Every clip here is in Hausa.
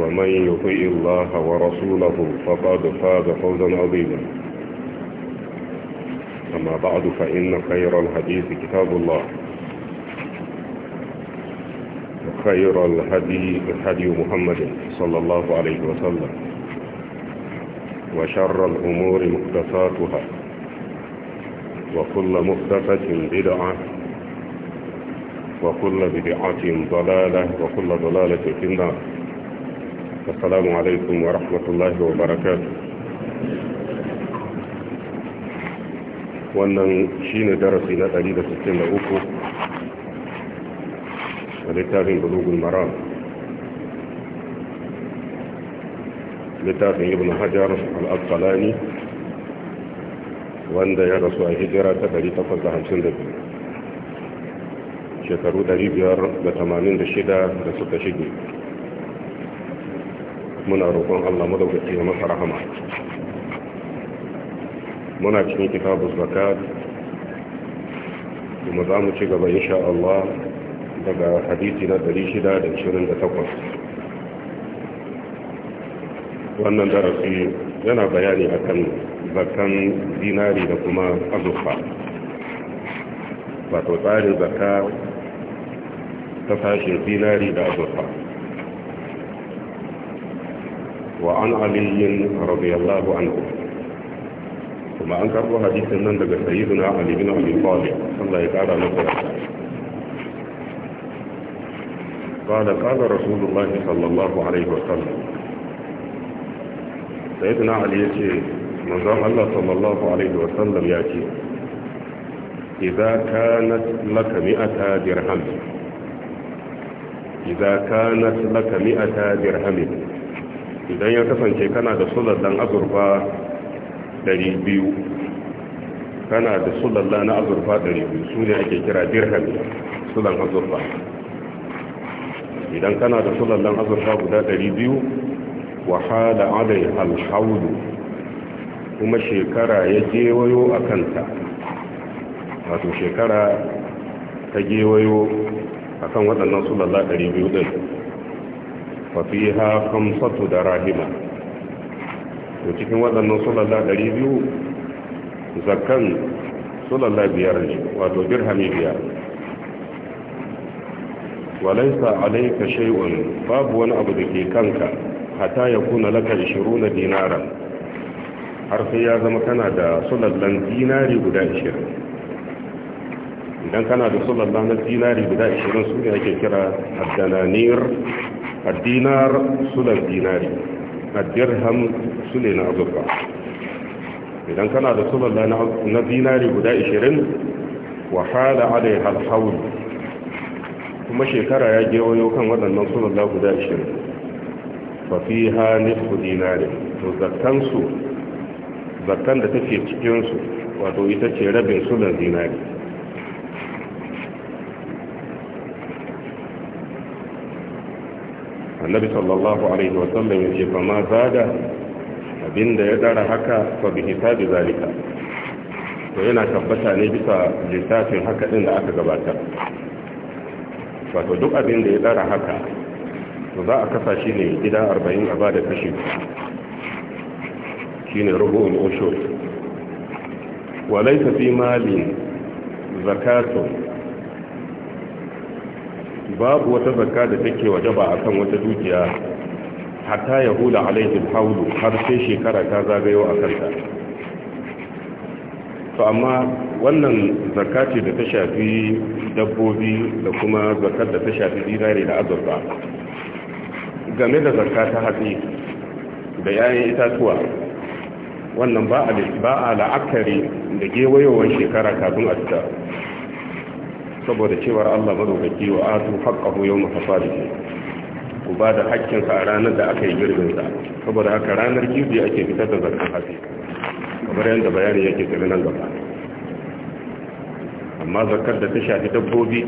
ومن يطيع الله ورسوله فقد فاز فوزا عظيما أما بعد فإن خير الحديث كتاب الله وخير الهدي هدي محمد صلى الله عليه وسلم وشر الأمور مقدساتها وكل مقدسة بدعة وكل بدعة ضلالة وكل ضلالة في النار assalamu alaikum wa rahmatullahi wa barakatuh wannan shine darasi na 163 a littafin bulugun maram littafin ibn hajar al-asqalani wanda ya rasu a hijira ta 852 shekaru 586 da suka shige muna roƙon Allah madaukaki na masa rahama muna cikin kitabu zakat kuma za mu ci gaba insha Allah daga hadisi na 628 wannan darasi yana bayani akan zakan zinari da kuma azurfa wato tsarin zakka ta sashen dinari da azurfa وعن علي رضي الله عنه kuma أنكر حديث من nan سيدنا علي بن أبي طالب صلى الله ya kara قال قال رسول الله صلى الله عليه وسلم سيدنا علي يتي من الله صلى الله عليه وسلم يأتي إذا كانت لك مئة درهم إذا كانت لك مئة درهم idan ya kasance kana da sulallan azurfa 200 kana da sulalla na azurfa 200 su ne ake kira dirham sulan azurfa idan kana da sulallan azurfa guda 200 wahala alai alhaudu kuma shekara ya gewayo a kanta wato shekara ta gewayo a kan waɗannan sulalla 200 ɗin fafiha kamsatu da rahima to cikin waɗannan sulalla ɗari biyu zakan sulalla biyar ne wato birhami biyar walaisa alaika shay'un babu wani abu da ke kanka hata ya kuna laka 20 dinara har sai ya zama kana da sulallan dinari guda 20 idan kana da sulallan dinari guda 20 su ne ake kira adananiyar. الدينار سلى الدينار الدرهم سلى نعذبا إذا كان هذا سلى نعذبا بدا إشرين وحال عليها الحول kuma shekara ya gewayo kan waɗannan sulallah guda 20 fafi hannu su dinari to zakkansu zakkan da take cikinsu wato ita ce rabin sulan dinari annabi sallallahu alaihi wa sallam yace fa ma zada abinda ya dara haka fa bi hisabi zalika to yana tabbata ne bisa lissafin haka din da aka gabatar wato duk abin da ya dara haka to za a kasa shi ne gida 40 a bada kashi shine rubu'ul Osho. wa laysa fi malin zakatun babu wata zakka da take wajaba akan wata dukiya hatta ya hula alaihi haulu har sai shekara ta zagayo a kanta to amma wannan zakka ce da ta shafi dabbobi da kuma zakkar da ta shafi dinare da azurfa game da zakka ta hatsi da yayin itatuwa wannan ba a la'akari da gewayowar shekara kafin a fita saboda cewar Allah madaukaki wa atu haqqahu yawma fasadihi ku ba da haƙƙinsa a ranar da aka yi girbin saboda haka ranar girbi ake fitar da zakar hatsi kamar yadda bayani yake tafi nan gaba amma zakar da ta shafi dabbobi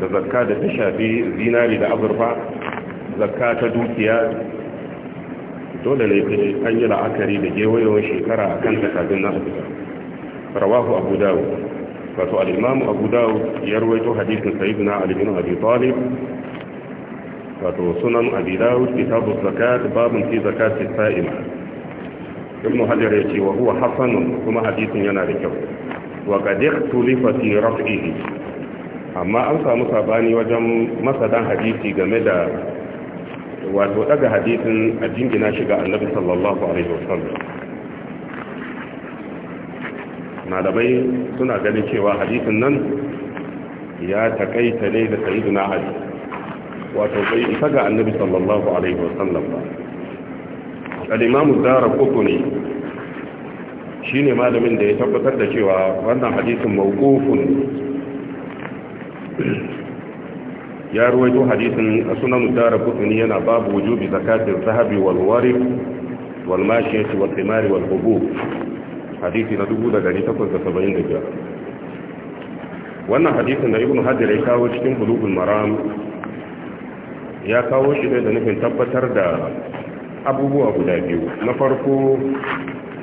da zakka da ta shafi zinari da azurfa zakka ta dukiya dole ne an yi la'akari da gewayewar shekara a kan takardun na rawahu abu Dawud. wato al-imam abu dawo, ya rawaito hadisin sayyidina ali bin abi talib wato sunan abi dawud kitabu zakat babun fi zakati sa'ima ibn hajar yace wa huwa hasan kuma hadisin yana da kyau wa qad ikhtulifa fi raf'ihi amma an samu sabani wajen masadan hadisi game da wato daga hadisin a jingina shiga annabi sallallahu alaihi wasallam malamai suna ganin cewa hadisin nan ya takaita ne da sayyidina ali wato bai isa ga annabi sallallahu alaihi wasallam ba Alimamu zara imam ne. Shi ne malamin da ya tabbatar da cewa wannan hadisin mawqufun ya ruwaito hadisin sunan zara ad ne yana babu wujubi zakatil zahabi wal warib wal mashiyati wal thimari hadisi na 1875 wannan hadisin da ibn hajjar ya kawo cikin bulugul maram ya kawo shi ne da nufin tabbatar da abubuwa guda biyu na farko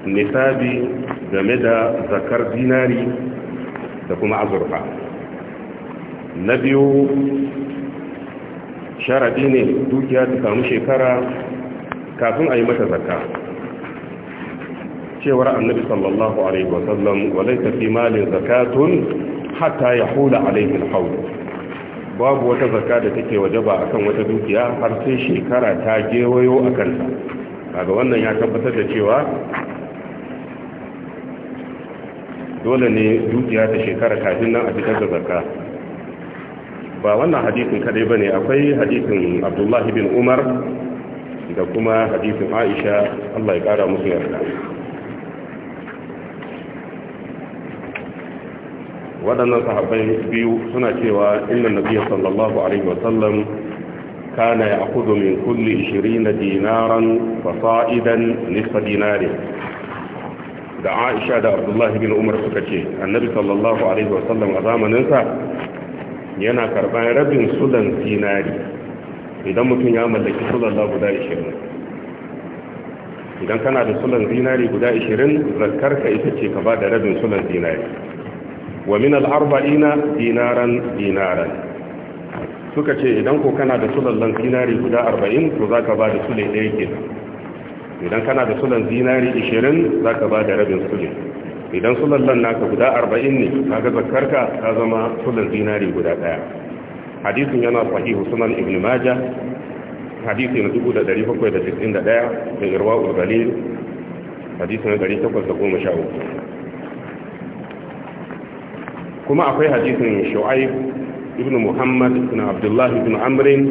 nisabi game da zakar dinari da kuma azurfa na biyu sharadi ne dukiya ta samu shekara kafin a yi mata zakka cewar annabi sallallahu alaihi wasallam walaita tafi malin zakatun hatta ya hula alaihi alhaul babu wata zakka da take wajaba akan wata dukiya har sai shekara ta gewayo a kanta kaga wannan ya tabbatar da cewa dole ne dukiya ta shekara kafin nan a fitar da zakka ba wannan hadisin kadai bane akwai hadisin Abdullahi bin Umar da kuma hadisin Aisha Allah ya kara musu yarda waɗannan sahabbai biyu suna cewa inna nabiya sallallahu alaihi wasallam kana ya akudu min kulli 20 dinaran fa'idan nisa dinari da aisha da abdullahi bin umar suka ce annabi sallallahu alaihi wasallam a zamaninsa yana karɓar rabin sulan dinari idan mutum ya mallaki sulan guda 20 idan kana da sulan dinari guda 20 zakarka ita ce ka ba da rabin sulan dinari wa min al-arba'ina dinaran dinaran suka ce idan ko kana da sulallan dinari guda 40 to ka ba da sule ɗaya kenan idan kana da sulan dinari za ka ba da rabin sule idan sulallan naka guda arba'in ne ka ga zakkarka ta zama sulan dinari guda ɗaya hadisin yana sahihu sunan ibn majah hadisi na 1791 da da ɗaya, irwa ulbalil hadisi na ɗari takwas da 1813 kuma akwai hadisin shu'aib ibn muhammad ibn Abdullahi ibn amrin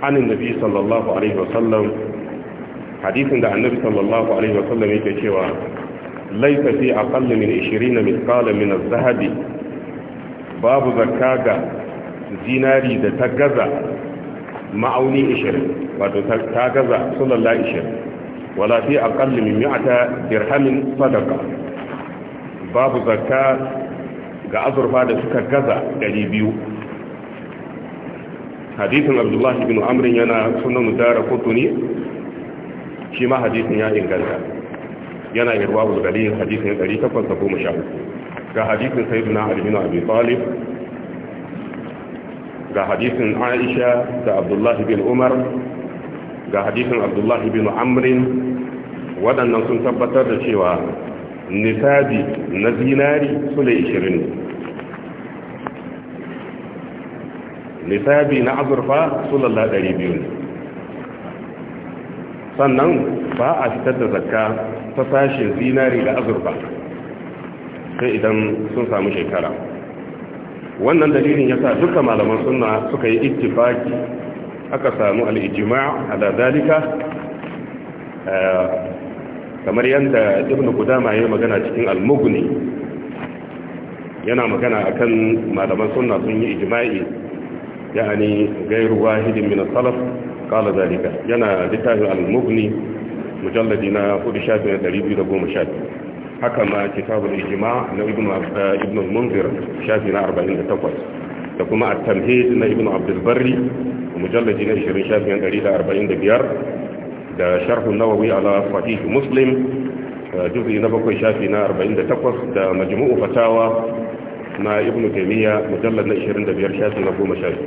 an annabi sallallahu alaihi wasallam da annabi sallallahu alaihi wasallam yake cewa laysa fi aqall min 20 mithqala min zahabi babu zakka ga zinari da ta gaza ma'auni 20 wato ta gaza sallallahu 20 wala fi aqall min 100 dirhamin sadaqa babu zakka ga azurfa da suka gaza 200 hadisin abdullahi bin amrin yana sunan dara kutuni shi ma hadisin ya inganta yana irwa bulgalin hadisin 813 ga hadisin sayyiduna albinu abi talib ga hadisin aisha da abdullahi bin umar ga hadisin abdullahi bin amrin waɗannan sun tabbatar da cewa nisabi na zinari sule 20 nisabi na azurfa sulalla 200 ne sannan ba a fitar da zakka ta sashen zinari da azurfa sai idan sun samu shekara wannan dalilin yasa duka malaman sunna suka yi ittifaki aka samu al a ala dalika eh, kamar yadda ibn kudama ya magana cikin al almugni yana magana akan malaman sunna sun yi ijma'i yani gairu wahidin min salaf qala zalika yana littafin al-mughni mujalladi na 4212 haka ma kitabul ijma na ibn eh, ibn al-munzir shafi na 48 da kuma at-tamhid na ibn abd al-barri mujalladi na 20 shafi na 145 da sharhun nawawi ala sahih muslim uh, juzi na bakwai shafi na 48 da majmu'u fatawa na Ibn taymiya mujallar na 25 shafi na goma shafi.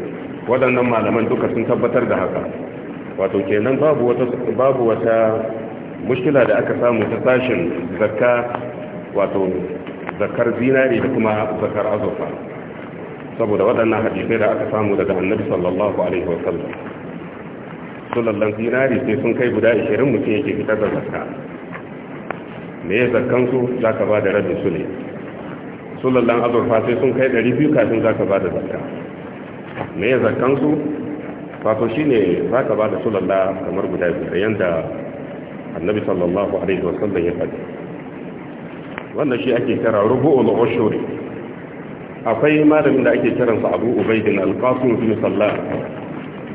waɗannan malaman duka sun tabbatar da haka wato kenan babu wata mushkila da aka samu ta sashen zakka wato zakar zinari da kuma zakar azurfa saboda waɗannan hadisai da aka samu daga annabi sallallahu alaihi wasallam lallan zinari sai sun kai guda 20 mutum yake fitar da zarka me ya zakkan su za ka ba da rabin su ne sulallan azurfa sai sun kai 200 kafin za ka ba da zarka me ya zakkan su wato shi ne za ka ba da lalla kamar guda biyar yadda annabi sallallahu alaihi wasallam ya faɗi wannan shi ake kira rubu'ul ushuri akwai malamin da ake kiransa abu ubaidin alqasim bin sallah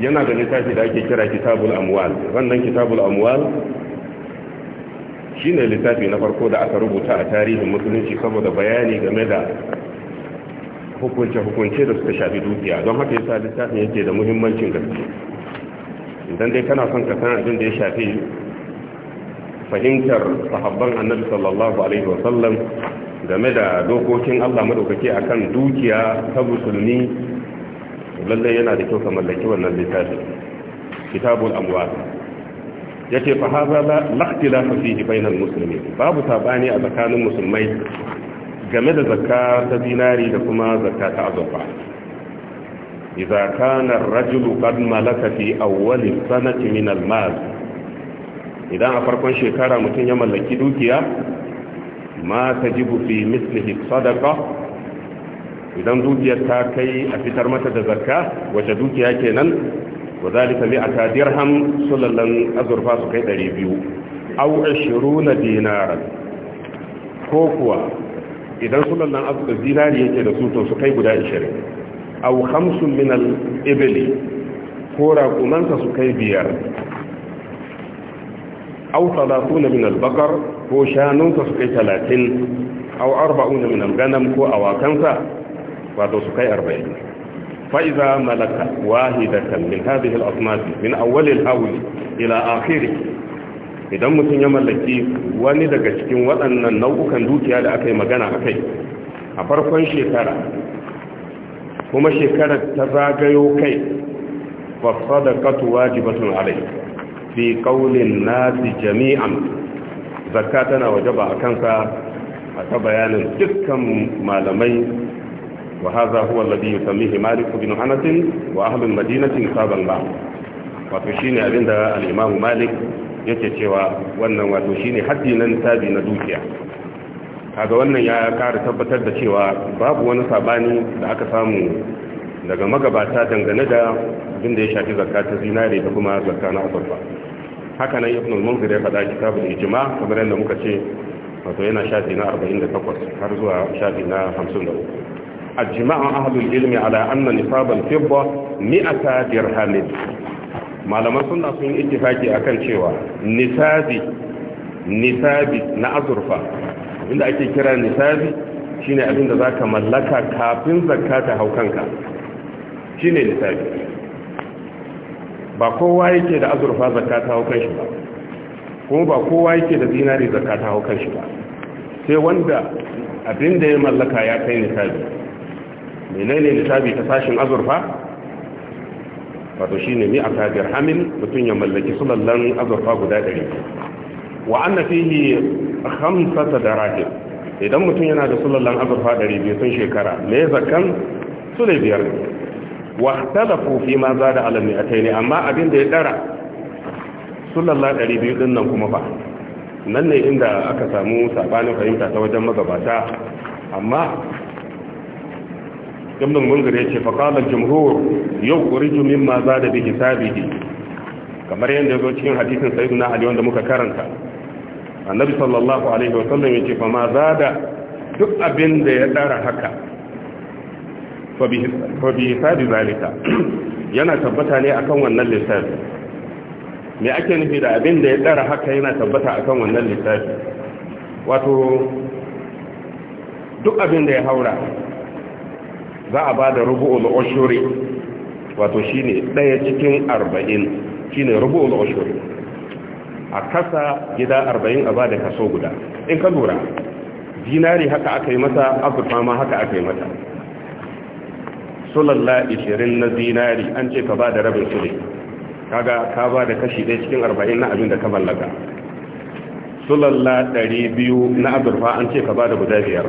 yana da littafi da ake kira kitabul amwal wannan kitabul amwal shine littafi na farko da aka rubuta a tarihin musulunci saboda bayani game da hukunce-hukunce da suka shafi dukiya don haka yasa littafin yake da muhimmancin gaske idan dai kana son ka san abin da ya shafi fahimtar sahabban annabi sallallahu alaihi wasallam game da dokokin Allah madaukake akan dukiya ta musulmi lallai yana da kyau ka mallaki wannan littafi kitabul amwal yace fa hadha la ikhtilafa fihi bainal muslimin babu sabani a tsakanin musulmai game da zakka ta dinari da kuma zakka ta azurfa idza kana ar-rajulu qad malaka fi awwal sanati min al-mal idan a farkon shekara mutum ya mallaki dukiya ma tajibu fi mislihi sadaqa idan dukiyar ta kai a fitar mata da zakka wace dukiya kenan wa zalika li aka dirham sallallan azurfa su kai 200 aw 20 dinar ko kuwa idan sallallan azurfa dinari yake da su to su kai guda 20 aw khamsun min al ibli ko raƙumansa su kai biyar aw 30 min al ko shanunsa su kai 30 aw 40 min al ganam ko awakansa wato su kai arba'in fa'iza malaka wahidatan min hadhihi al min awwal al ila akhirih idan mutum ya mallaki wani daga cikin waɗannan nau'ukan dukiya da aka yi magana a kai a farkon shekara kuma shekarar ta zagayo kai fasadakatu wajibatun alai fi qaulin nasi jami'an zakka tana wajaba a kansa a ta bayanin dukkan malamai وهذا هو الذي يسميه مالك بن أنس وأهل المدينة صاب الماء وتشين عند الإمام مالك yake cewa wannan wato shine haddi nan tabi na dukiya kaga wannan ya ƙara tabbatar da cewa babu wani sabani da aka samu daga magabata dangane da abin da ya shafi zakka ta zinare da kuma zakka na azurfa haka nan ibn al-munzir ya faɗa kitabul ijma kamar yadda muka ce wato yana shafi na 48 har zuwa shafi na 53 أجمع أهل ilmi على أن نصاب الفضة مئة درهم ما malaman sunna sun yi ittifaki akan cewa nisabi na azurfa كرا ake kira nisabi shine abin da zaka mallaka kafin zakka ta shine nisabi ba kowa da kuma ba kowa yake da zinari zakata ta shi ba sai wanda abin da ya mallaka ya kai nisabi menene lissafi ta sashin azurfa wato ne ni aka dirhamin mutum ya mallaki sulallan azurfa guda ɗari wa anna fihi khamsata darahim idan mutum yana da sulallan azurfa ɗari biyu tun shekara me ya zakan su ne biyar wa talafu fi ma zada ala ne. amma abin da ya dara sulallan ɗari biyu din nan kuma fa nan ne inda aka samu saɓanin fahimta ta wajen magabata amma ibn munzir yace fa qala al-jumhur yukhriju mimma zada bi hisabihi kamar yanda zo cikin hadisin sayyidina ali wanda muka karanta annabi sallallahu alaihi wa sallam yace fa ma zada duk abin da ya dara haka fa bi hisabi zalika yana tabbata ne akan wannan lissafi me ake nufi da abin da ya dara haka yana tabbata akan wannan lissafi wato duk abin da ya haura za a ba da rubu'ul ushuri wato shine daya cikin 40 shine rubu'ul ushuri a kasa gida 40 a ba da kaso guda in ka lura dinari haka aka yi mata azurfa ma haka aka yi mata sulalla 20 na dinari an ce ka ba da rabin su kaga ka ba da kashi ɗaya cikin 40 na abin da ka mallaka sulalla 200 na azurfa an ce ka ba da guda biyar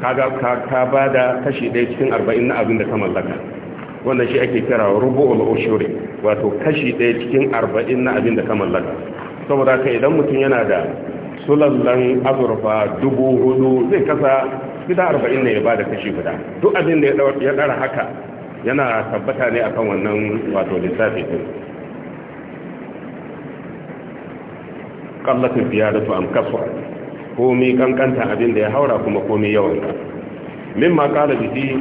kaga ka ba da kashi ɗaya cikin arba'in na abin da ka mallaka wannan shi ake kira rubu'ul ushuri wato kashi ɗaya cikin arba'in na abin da ka mallaka saboda ka idan mutum yana da sulallan azurfa dubu hudu zai kasa gida arba'in ne ya ba da kashi guda duk abin da ya ɗara haka yana tabbata ne akan wannan wato lissafi ɗin kallatin biya da su amkasuwa komi kankanta abin da ya haura kuma komi yawan ta min ma kala bihi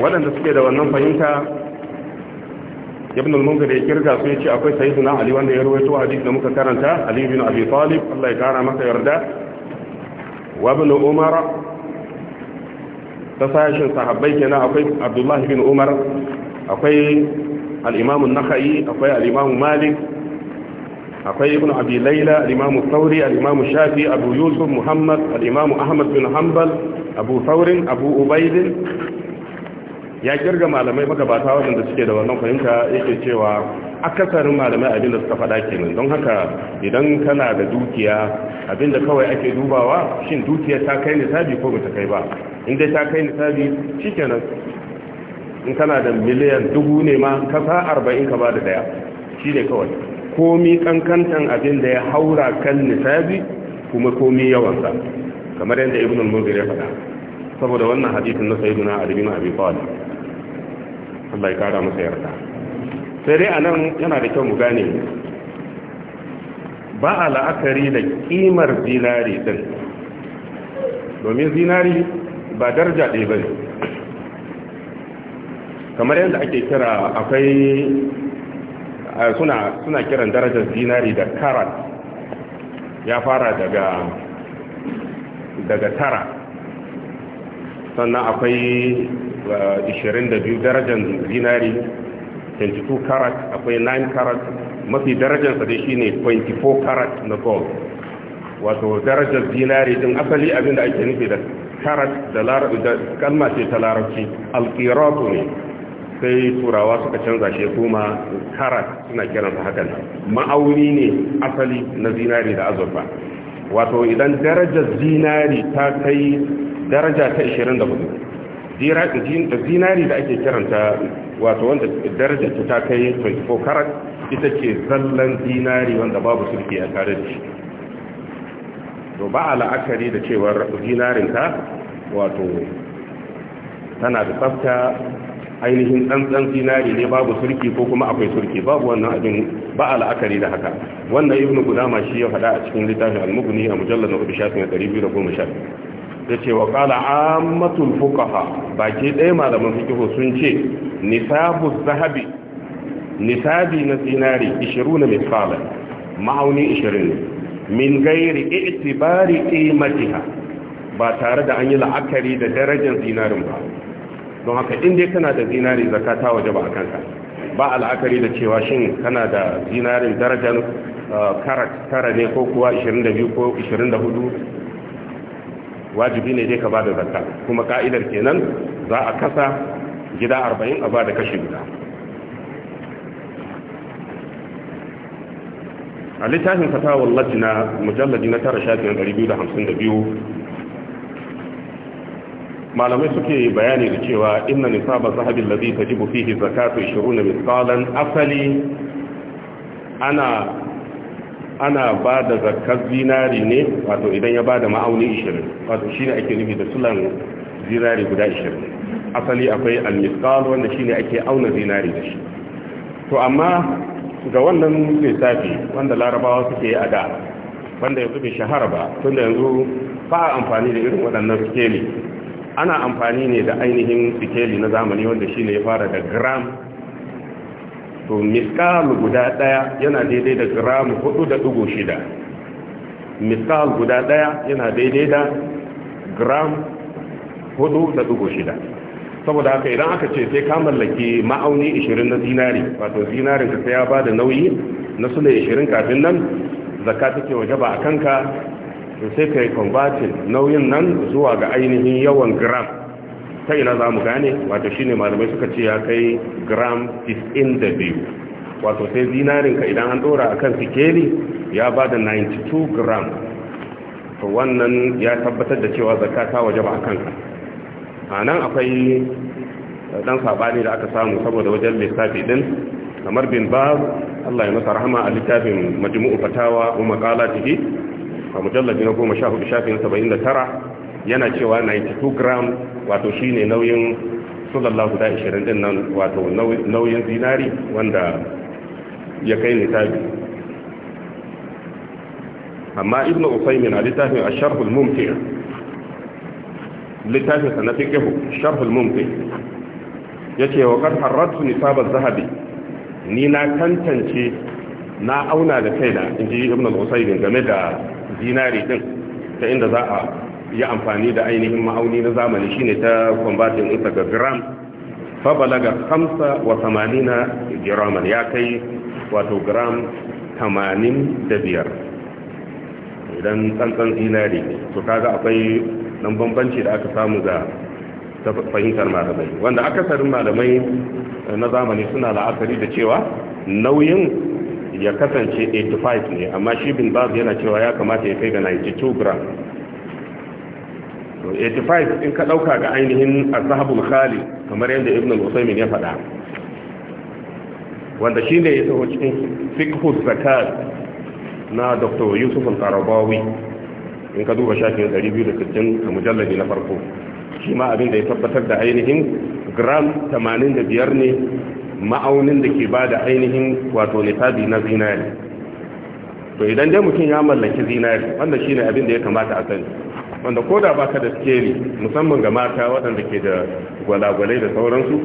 waɗanda suke da wannan fahimta ibn al ya kirga su yace akwai sayyiduna ali wanda ya rawaito hadith da muka karanta ali ibn abi talib Allah ya kara masa yarda wa ibn umar ta sahabbai kenan akwai abdullah ibn umar akwai al-imam an-nakhai akwai al-imam malik akwai ibnu abi laila al-imam thawri al shafi abu yusuf muhammad al-imam ahmad bin hanbal abu thawrin abu ubayd ya kirga malamai magabata waɗanda suke da wannan fahimta yake cewa akasarin malamai abin da suka faɗa kenan don haka idan kana da dukiya abin da kawai ake dubawa shin dukiya ta kai nisabi ko ba ta kai ba in dai ta kai nisabi shikenan in kana da miliyan dubu ne ma kasa arba'in ka ba da daya shi ne kawai komi kankantan abin da ya haura kan nisabi kuma komi yawansa kamar yadda ibn al-munzir ya faɗa saboda wannan hadisin na sayyiduna ali bin abi talib Allah ya kara masa yarda sai dai anan yana da kyau mu gane ba a la'akari da kimar zinari din domin zinari ba daraja ɗaya bane kamar yadda ake kira akwai suna kiran darajar dinari da karat ya fara daga daga tara sannan akwai 22 darajar dinari 22 karat akwai 9 karat mafi darajarsa dai shine 24 karat na gold wato darajar dinari din asali abinda ake nufi da karat da kalma ce ta larabci alkiratu ne sai turawa suka canza shi kuma karat suna kiransa hakan ma'auni ne asali na zinari da azurfa wato idan darajar zinari ta kai daraja ta 24 zinari da ake kiranta wato wanda darajar ta kai 24 karat ita ce zallan zinari wanda babu sulki a tare da shi to ba a la'akari da cewar zinarinka wato tana da tsafta ainihin tsantsan zinari ne babu surki ko kuma akwai surki babu wannan abin ba la'akari da haka wannan guda gudama shi ya faɗa a cikin littafin al-mughni a mujallal na 1210 yace wa qala ammatul fuqaha baki ɗaya malaman fiqh sun ce nisabu zahabi nisabi na zinari 20 misqala ma'auni ne. min ghairi i'tibari qimatiha ba tare da an yi la'akari da darajar zinarin ba don haka inda dai kana da zinari zaka ta waje ba a kanka ba al'akari da cewa shin kana da zinari darajar uh, karat tara ne ko kuwa 22 ko 24 wajibi ne dai ka ba da zakka kuma ka'idar kenan za a kasa gida 40 a ba da kashi guda a littafin fatawar lajina mujallaji na tara shafi 252 malamai suke bayani da cewa inna nisaba sahabin ladhi tajibu fihi zakatu 20 misqalan asali ana ana ba da zakar zinari ne wato idan ya ba da ma'auni 20 wato shine ake nufi da sulan zinari guda 20 asali akwai al-misqal wanda shine ake auna zinari da shi to amma ga wannan lissafi wanda larabawa suke yi a da wanda yanzu bai shahara ba tunda yanzu ba amfani da irin waɗannan skeli ana amfani ne da ainihin sikeli na zamani wanda shi ne ya fara da gram to miskal guda daya yana daidai da gram 4.6 miskal guda daya yana daidai da gram 4.6 saboda haka idan aka ce sai ka mallaki ma'auni 20 na zinari wato zinarin ka sai ya ba da nauyi na sule 20 kafin nan zakka take ba a kanka to sai ka yi convertin nauyin nan zuwa ga ainihin yawan gram ta ina zamu gane wato shine malamai suka ce ya kai gram is in the biyu wato sai ka idan an dora akan sikeli ya ba da 92 gram to wannan ya tabbatar da cewa zakata waje ba a ka a akwai dan sabani da aka samu saboda wajen lissafi din kamar bin ba Allah ya masa rahama a littafin majmu'u fatawa wa maqalatihi a mujallabi na goma sha hudu shafin saba'in da tara yana cewa 92 gram wato shine nauyin sallallahu da ishirin din nan wato nauyin zinari wanda ya kai littafi amma ibn usaimin a littafin a sharhul mumfi littafin sa na fiqhu sharhul mumtir yace wa qad harratu nisab zahabi ni na tantance na auna da kaina inji ibn al-usaimin game da zinari din ta inda za a yi amfani da ainihin ma'auni na zamani shine ta kwambatin isa ga gram fa balaga 85 giraman ya kai wato gram 85 idan tsantsan zinari to kaga akwai dan bambanci da aka samu ga fahimtar malamai wanda aka akasarin malamai na zamani suna la'akari da cewa nauyin ya kasance 85 ne amma shi bin baz yana cewa ya kamata ya kai ga 92 gram 85 in ka ɗauka ga ainihin azhabul khali kamar yadda ibn al-usaymin ya faɗa wanda shi ne ya taho cikin fiqhus zakat na dr yusuf al tarabawi in ka duba shafin 260 a mujalladi na farko shi ma abin da ya tabbatar da ainihin gram 85 ne ma'aunin da ke ba da ainihin wato nisabi na zinari to idan dai mutum ya mallaki zinari wanda shine abin da ya kamata a sani wanda ko da baka da ne musamman ga mata waɗanda ke da gwalagwalai da sauransu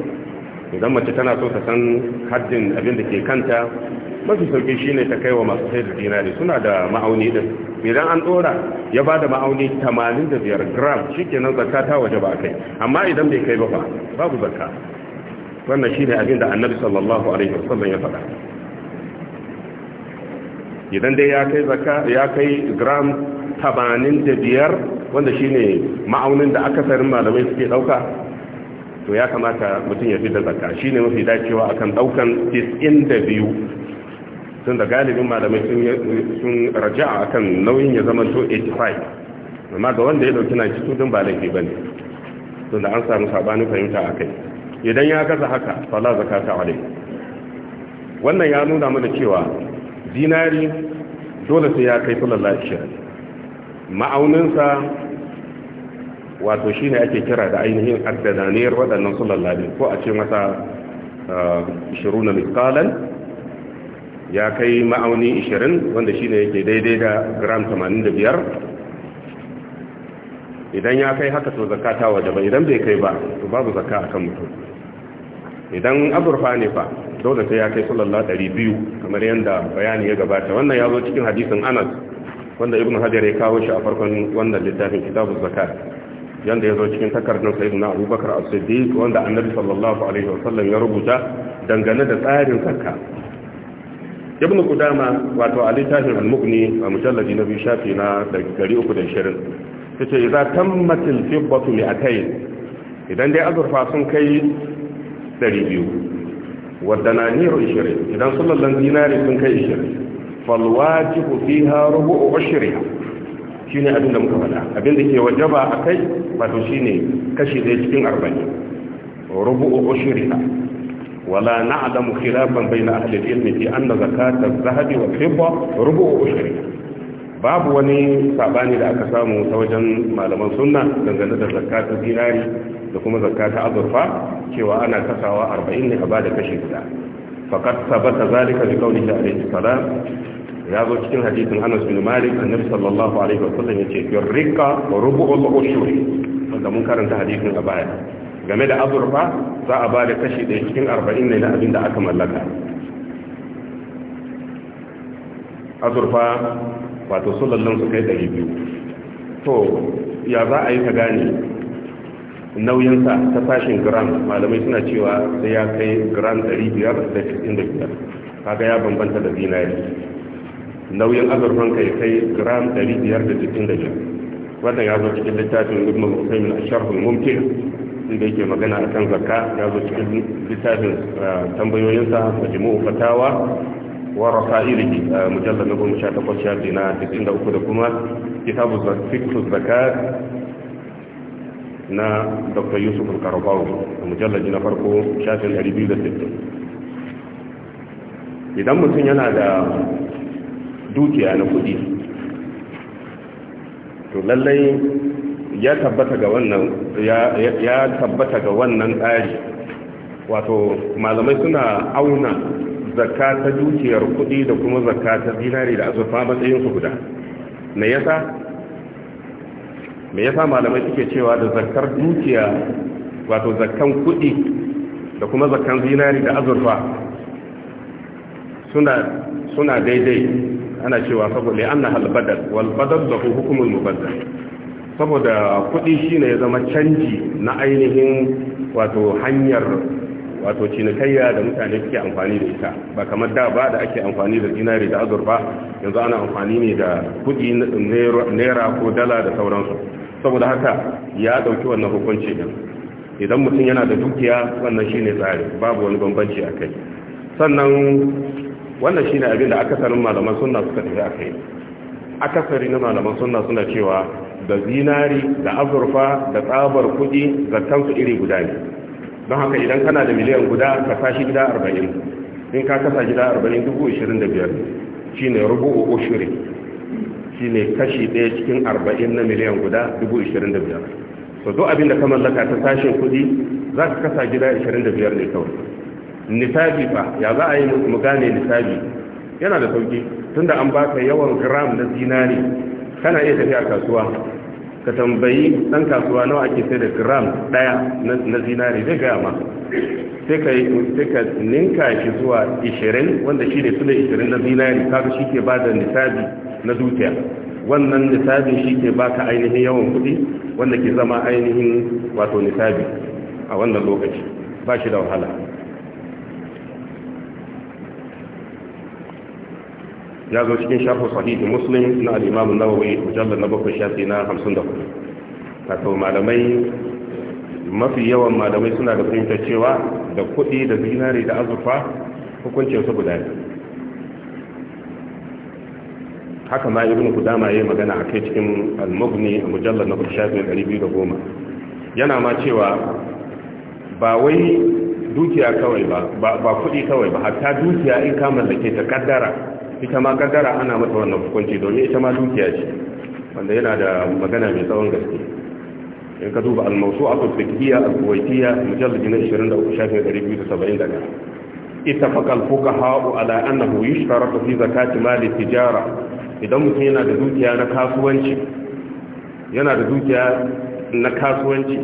idan mace tana so ta san haddin abin da ke kanta mafi sauki shine ta kai wa masu sai da zinari suna da ma'auni din idan an ɗora ya ba da ma'auni 85 gram shikenan zarka ta waje ba kai amma idan bai kai ba ba babu zakka wannan shi ne abin da annabi sallallahu alaihi wasallam ya faɗa idan dai ya kai zaka ya kai gram 85 wanda shi ne ma'aunin da akasarin malamai suke ɗauka to ya kamata mutum ya fi da zaka shi ne mafi dacewa akan ɗaukan 92 sun da galibin malamai sun a akan nauyin ya zama to 85 amma ga wanda ya dauki na ci tudun ba laifi ba ne da an samu sabanin fahimta a kai idan ya gaza haka fala zakata alai wannan ya nuna mana cewa dinari dole sai ya kai tulalla 20 ma'auninsa wato shine ake kira da ainihin addadaniyar waɗannan sulallalin ko a ce masa 20 eh, na miskalan ya kai ma'auni 20 wanda shine yake daidai da gram 85 idan ya kai haka to zakata wajaba idan bai kai ba to babu zakata akan mutum idan azurfa ne fa dole sai ya kai sallallahu ɗari biyu kamar yadda bayani ya gabata wannan ya zo cikin hadisin anas wanda ibn hajar ya kawo shi a farkon wannan littafin kitabun zakat yanda ya zo cikin takardar sayyid abubakar as-siddiq wanda annabi sallallahu alaihi wasallam ya rubuta dangane da tsarin zakka ibn qudama wato a littafin al-mughni a mujalladi na biyu shafi na 320 tace idza tammatil fiddatu li'atayn idan dai azurfa sun kai 200 wadda na niro 20 idan sulallan dinari sun kai 20 falwajibu fiha rubu'u 20 shine abin da muka faɗa abin da ke wajaba a kai wato ne kashi ɗaya cikin 40 rubu'u 20 wala na'lamu khilafan bayna ahli al-ilm fi anna zakata zahabi wal fidda rubu'u 20 babu wani sabani da aka samu ta wajen malaman sunna dangane da zakata dinari da kuma zakka ta azurfa cewa ana kasawa arba'in ne a bada kashi guda fakat sabata zalika bi qawlihi alayhi salam ya zo cikin hadisin Anas bin Malik annabi sallallahu alaihi wasallam yace yurrika wa rubu'ul ushuri wanda mun karanta hadisin a baya game da azurfa za a bada kashi ɗaya cikin arba'in ne na abin da aka mallaka azurfa wato sulallan su kai ɗari biyu to ya za a yi ka gane nauyinsa ta fashin gram malamai suna cewa sai ya kai gram 595 kaga ya bambanta da zinari nauyin azurfan kai kai gram 595 wannan ya zo cikin littafin ibn al-husayn al-sharh al-mumkin inda yake magana akan zakka ya zo cikin littafin eh, tambayoyinsa majmu'u fatawa wa rasailihi eh, mujallad na 18 shafi na 93 da kuma kitabu fiqh zakka. na dr yusuf al-karabawu a mujallaji na farko shafin 260 idan mutum yana da dukiya na kudi to lallai ya tabbata ga wannan ya tabbata ga wannan tsari wato malamai suna auna zakka ta dukiyar kudi da kuma zakka ta dinari da azurfa matsayin su guda me yasa me yasa malamai suke cewa da zakkar dukiya wato zakkan kuɗi da kuma zakkan zinari da azurfa suna suna daidai ana cewa saboda anna hal badal wal badal da hukumul mubaddal saboda kuɗi shine ya zama canji na ainihin wato hanyar wato cinikayya da mutane suke amfani da ita ba kamar da ba da ake amfani da dinari da azurfa yanzu ana amfani ne da kudi naira ko dala da sauransu saboda haka ya dauki wannan hukunci din idan mutum yana da dukiya wannan shine tsari babu wani bambanci akai sannan wannan shine abin da akasarin malaman sunna suka tafi akai akasari na malaman sunna suna cewa da zinari da azurfa da tsabar kudi da su iri guda ne don haka idan kana da miliyan guda ka tashi gida 40 in ka kasa gida 40 dubu 25 shine rubu'u ushuri Shi ne kashi ɗaya cikin arba'in na miliyan guda dubu ishirin da biyar so duk abin da ka mallaka ta sashin kuɗi za ka kasa gida ishirin da biyar ne kawai nisabi fa ya za a yi mu gane nisabi yana da sauki tunda an baka yawan gram na zinari kana iya tafiya kasuwa ka tambayi ɗan kasuwa nawa ake sai da gram ɗaya na zinari zai gaya ma sai ka ninka shi zuwa ishirin, wanda shi ne su ne na zinari kaga shi ke ba da nisabi na dukiya wannan nisabin shi ke ba ka ainihin yawan kuɗi wanda ke zama ainihin wato nisabi a wannan lokaci ba shi da wahala ya zo cikin shafin sahihi muslim na al'imamun nawawi mujallar na bakwai shafi na hamsin da hudu wato malamai mafi yawan malamai suna da fahimtar cewa da kuɗi da zinari da azurfa hukuncin su guda ne. haka ma ibn kudama yayi magana akai cikin al-mughni mujallad na shafin 210 yana ma cewa ba wai dukiya kawai ba ba kudi kawai ba hatta dukiya in ka mallake ta kaddara ita ma kaddara ana mata wannan hukunci domin ita ma dukiya ce wanda yana da magana mai tsawon gaske in ka duba al a fiqhiyya al-kuwaitiyya mujallad na 23 shafin 271 اتفق الفقهاء على أنه يشترط في زكاة مال التجارة idan mutum yana da dukiya na kasuwanci yana da dukiya na kasuwanci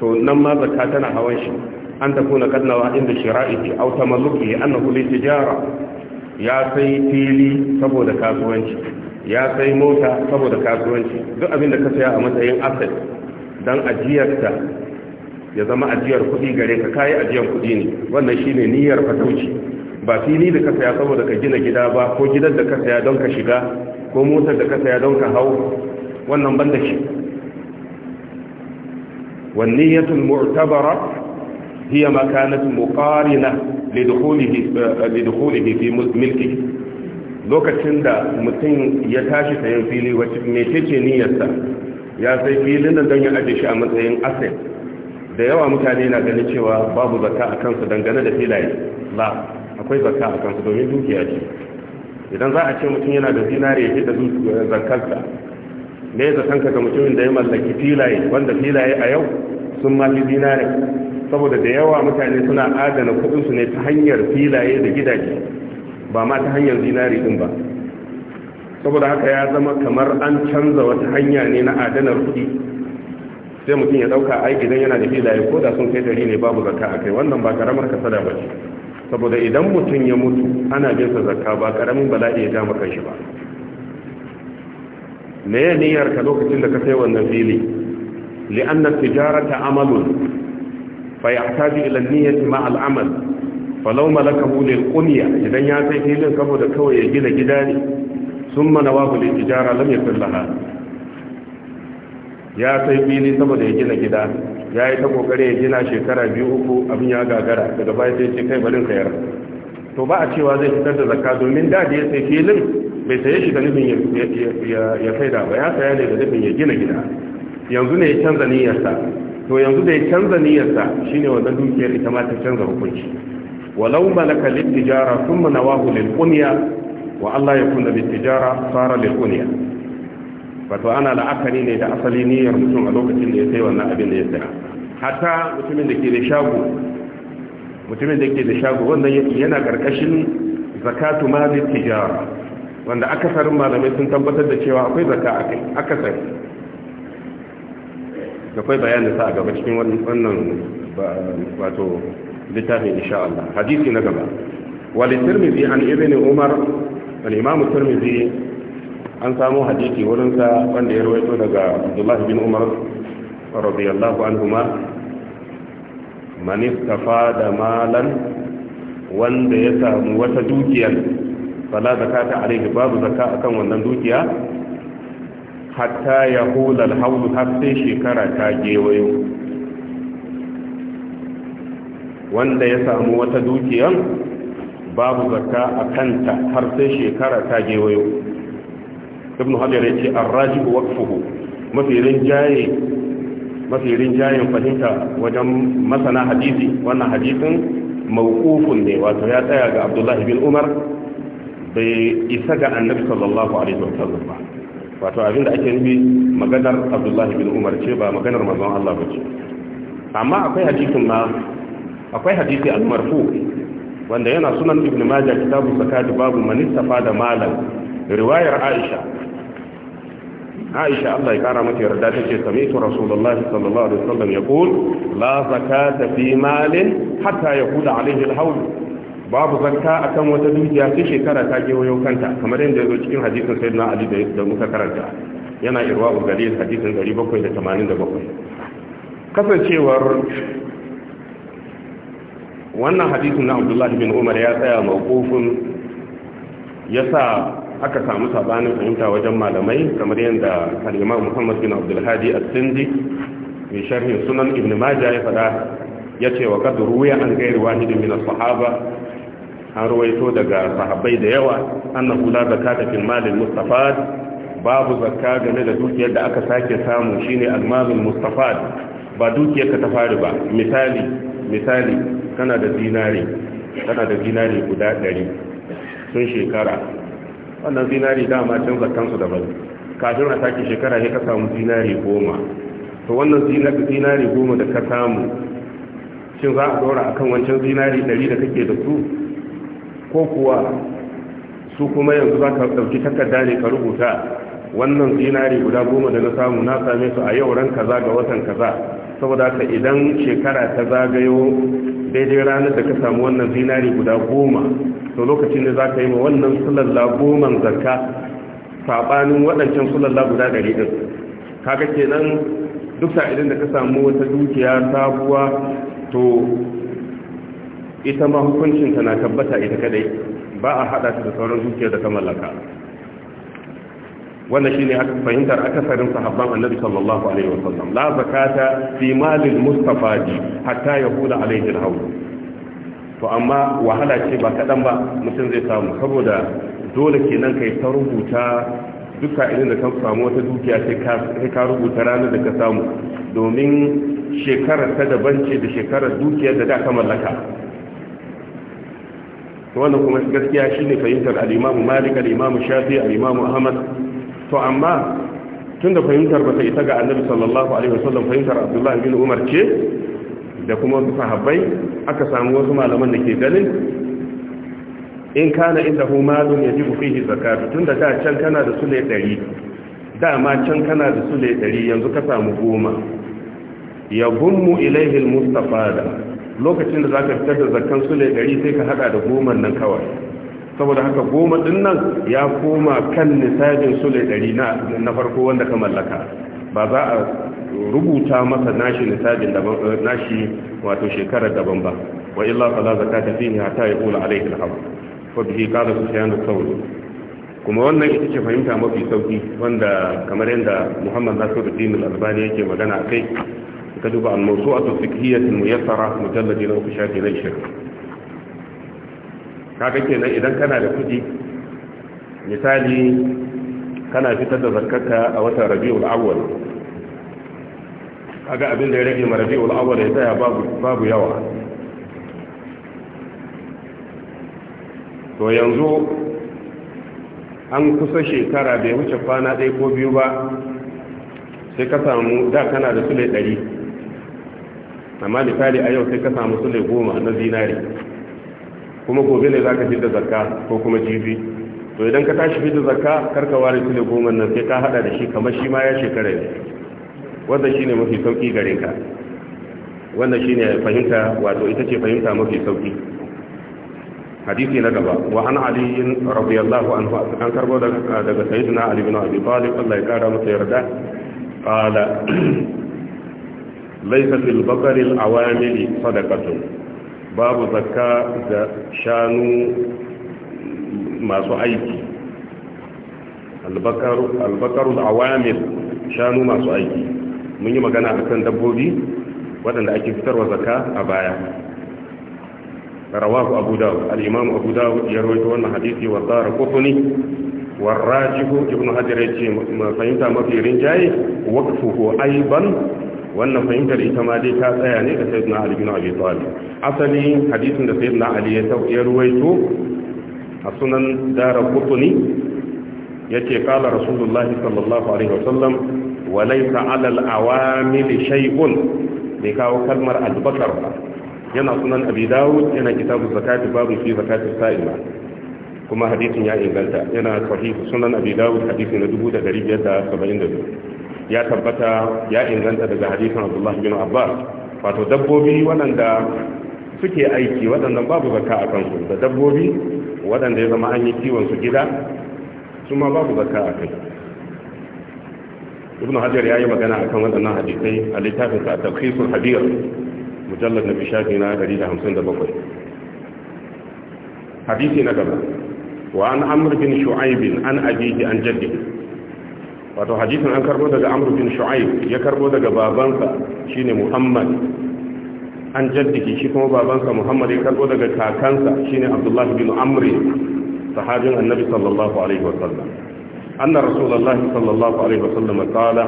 to nan ma zakka tana hawan shi an tafi na kadnawa inda shira'ihi aw tamalluki annahu li tijara ya sai fili saboda kasuwanci ya sai mota saboda kasuwanci duk abin da ka saya a matsayin asset dan ajiyarta ya zama ajiyar kuɗi gare ka kayi ajiyar kuɗi ne wannan shine niyyar fatauci ba fili da ka saya saboda ka gina gida ba ko gidan da ka saya don ka shiga ko motar da ka saya don ka hau wannan ban da shi والنية المعتبرة هي ما كانت مقارنة لدخوله لدخوله في lokacin da mutum ya tashi sayan fili wacce mecece niyyarsa ya sai filin nan don ya ajiye shi a matsayin asset da yawa mutane na ganin cewa babu zata a kansu dangane da filaye ba akwai zakka a kansu domin dukiya ce idan za a ce mutum yana da zinare ya fita eh, zakkarsa ne kanka ga mutumin da ya mallaki filaye wanda filaye a yau sun malli zinare saboda da yawa mutane suna adana su ne ta hanyar filaye da gidaje ba ma ta hanyar zinare din ba saboda haka ya zama kamar an canza wata hanya ne na adanar kudi sai mutum ya dauka ai idan yana da filaye ko da sun kai dari ne babu zakka akai wannan ba karamar kasada ba ce saboda idan mutum ya mutu ana bin sa zakka ba karamin bala'i ya dama shi ba me ya niyyar ka lokacin da ka sai wannan fili li'anna tijarata amalun fa yahtaju ilan niyyati ma al'amal. amal falau malakahu lil kuniya idan ya sai filin saboda kawai ya gina gida ne mana nawahu lil tijara lam yakul ya sai fili saboda ya gina gida ya yi ta kokare ya gina shekara biyu uku abin ya gagara daga baya sai ce kai barin sayar to ba a cewa zai fitar da zakka domin da da ya sai filin bai saye shi da nufin ya kai da ba ya saya ne da nufin ya gina gida yanzu ne ya canza niyyarsa to yanzu da ya canza niyyarsa shine wannan dukiyar ita ma ta canza hukunci walau malaka litijara tijara thumma nawahu lil wa Allah yakuna bit tijara sara lil wato ana la'akari ne da asali niyyar mutum a lokacin da ya sai wannan abin da ya sai hatta mutumin da ke da shago mutumin da ke da shago wannan yana karkashin zakatu mali tijara wanda akasarin malamai sun tabbatar da cewa akwai zakka akai akasari kai bayanin sa a gaba cikin wannan wato littafin insha Allah hadisi na gaba wa li bi an ibn umar al-imam tirmidhi an samu hadisi sa wanda ya rawaito daga abdullahi bin umar radiyallahu anhuma man istafada malan wanda ya samu wata dukiya fala zakata alaihi babu zakka akan wannan dukiya hatta ya hula al har sai shekara ta gewayo wanda ya samu wata dukiyan babu zakka a kanta har sai shekara ta gewayo ibn hajar ya ce arraji waqfuhu mafi rinjaye mafi jayin fahimta wajen masana hadisi wannan hadisin mawqufun ne wato ya tsaya ga abdullahi bin umar bai isa ga annabi sallallahu alaihi wa sallam ba wato abin da ake nufi maganar abdullahi bin umar ce ba maganar manzon Allah ba ce amma akwai hadisin ma akwai hadisi al-marfu wanda yana sunan ibn majah kitabu sakati babu man istafa da malam riwayar aisha aisha Allah ya kara mata yarda ta sami ta rasulullahi sallallahu alaihi wasallam yaqul la ta fi malin hatta ya yaqud alaihi alhawl babu zakka akan wata dukiya sai shekara ta gewayo kanta kamar yadda ya zo cikin hadisin sayyidina ali da muka karanta yana irwa ugalil hadisin 787 kasancewar wannan hadisin na Abdullahi bin Umar ya tsaya ya sa. aka samu sabanin fahimta wajen malamai kamar yadda kalima muhammad bin abdulhadi a sindi mai sharhin sunan ibn majah ya fada ya ce wa kadu ruwa an gairi wahidin min sahaba an ruwaito daga sahabai da yawa annahu Zaka, da fil malin mustafad babu zakka game da dukiyar da aka sake samu shine almamin malul ba dukiyar ka ta faru ba misali misali kana da dinari kana da dinari guda 100 sun shekara wannan zinari dama can zakansu daban kafin a sake shekara ya ka samu zinari goma to wannan zinari goma da ka samu shin za a dora akan wancan zinari dari da kake da su ko kuwa su kuma yanzu za ka ɗauki takarda ne ka rubuta wannan zinari guda goma da na samu na same su a yau ran kaza ga watan kaza saboda haka idan shekara ta zagayo daidai ranar da ka samu wannan zinari guda goma to lokacin da za ka yi ma wannan sulalla goman zarka saɓanin waɗancan sulalla guda ɗari ɗin kaga kenan duk sa'idin da ka samu wata dukiya sabuwa to ita ma hukuncinta na tabbata ita kadai ba a haɗa ta da sauran dukiyar da ka mallaka wannan shine aka fahimtar akasarin sahabban annabi sallallahu alaihi wasallam la zakata fi malil mustafadi hatta yahula alaihi alhawl to amma wahala ce ba kadan ba mutum zai samu saboda dole kenan kai ta rubuta duka irin da ka samu wata dukiya sai ka rubuta ranar da ka samu domin shekarar ta daban ce da shekarar dukiya da da ka mallaka wannan kuma gaskiya shine fahimtar al-Imam Malik al-Imam Shafi al-Imam Ahmad to amma tun da fahimtar ba ta isa ga annabi sallallahu alaihi wasallam fahimtar abdullahi bin umar ce da kuma wasu sahabbai aka samu wasu malaman da ke ganin in kana inda hu malum ya jibu fihi zakatu tun da ta can kana da sule ɗari dama can kana da sule ɗari yanzu ka samu goma ya gummu ilaihi mustafa da lokacin da za ka fitar da zakkan sule ɗari sai ka haɗa da goma nan kawai saboda haka goma dinnan nan ya koma kan nisabin sule ɗari na farko wanda ka mallaka ba za a rubuta masa nashi daban eh, nashi wato shekarar daban ba wa illa fala zakata fihi hatta yaqulu alayhi al-hawl wa bihi su sufyan da sauri. kuma wannan ita ce fahimta mafi sauki wanda kamar yadda Muhammad Nasiruddin al-Albani yake magana akai ka duba al-mawsu'atu fiqhiyyah al-muyassara mujallad na 3 shafi na 20 kaga kenan idan kana da kudi misali kana fitar da zakarka a watan rabi'ul awwal kaga abin da ya rage ma rabi'ul awwal ya tsaya babu babu yawa to yanzu an kusa shekara bai wuce kwana ɗaya ko biyu ba sai ka samu da kana da sule ɗari amma misali a yau sai ka samu sule goma na zinari kuma gobe ne zaka da zakka ko kuma jibi to idan ka tashi fi da zakka karka ware su da goma nan sai ka hada da shi kamar shi ma ya shekara ne wanda shine mafi sauki gare ka Wanda shine fahimta wato ita ce fahimta mafi sauki hadisi na gaba wa an ali radiyallahu anhu an karbo daga sayyidina ali bin abi talib Allah ya kara masa yarda qala laysa fil baqari al awamili sadaqatun babu zakka da shanu masu aiki albakarun awamir shanu masu aiki mun yi magana a kan dabbobi waɗanda ake fitarwa zakka a baya rawahu abu dawud al-imam abu dawud ya rawaito wannan hadisi wa dara kufuni rajihu ibnu hajar ma fahimta mafi rinjaye waqfuhu aiban wannan fahimtar ita ma dai ta tsaya ne ga sayyidina Ali bin Abi Talib asali hadisin da sayyidina Ali ya ruwaito a sunan ya ce qala rasulullahi sallallahu alaihi wasallam wa laysa 'ala al-awamil shay'un mai kawo kalmar al yana sunan Abi Dawud yana kitabu zakati babu fi zakati sa'ima kuma hadisin ya inganta yana sahihu sunan Abi Dawud hadisi na 2572 ya tabbata ya inganta daga hadisin abdullahi bin abbas wato dabbobi waɗanda suke aiki waɗanda babu zakka a kansu da dabbobi waɗanda ya zama an yi kiwon su gida su ma babu zakka a kai ibn hajar ya yi magana akan waɗannan hadisai a littafin sa tafsirul hadir mujallad na bishafi na 157 hadisi na gaba wa an amr bin shu'aib an abihi an jaddihi wato hadisin an karbo daga amr bin shu'aib ya karbo daga babansa shine muhammad an jaddiki shi kuma babansa muhammad ya karbo daga kakansa shine abdullahi bin Amri sahabin annabi sallallahu alaihi wasallam anna rasulullahi sallallahu alaihi wasallam qala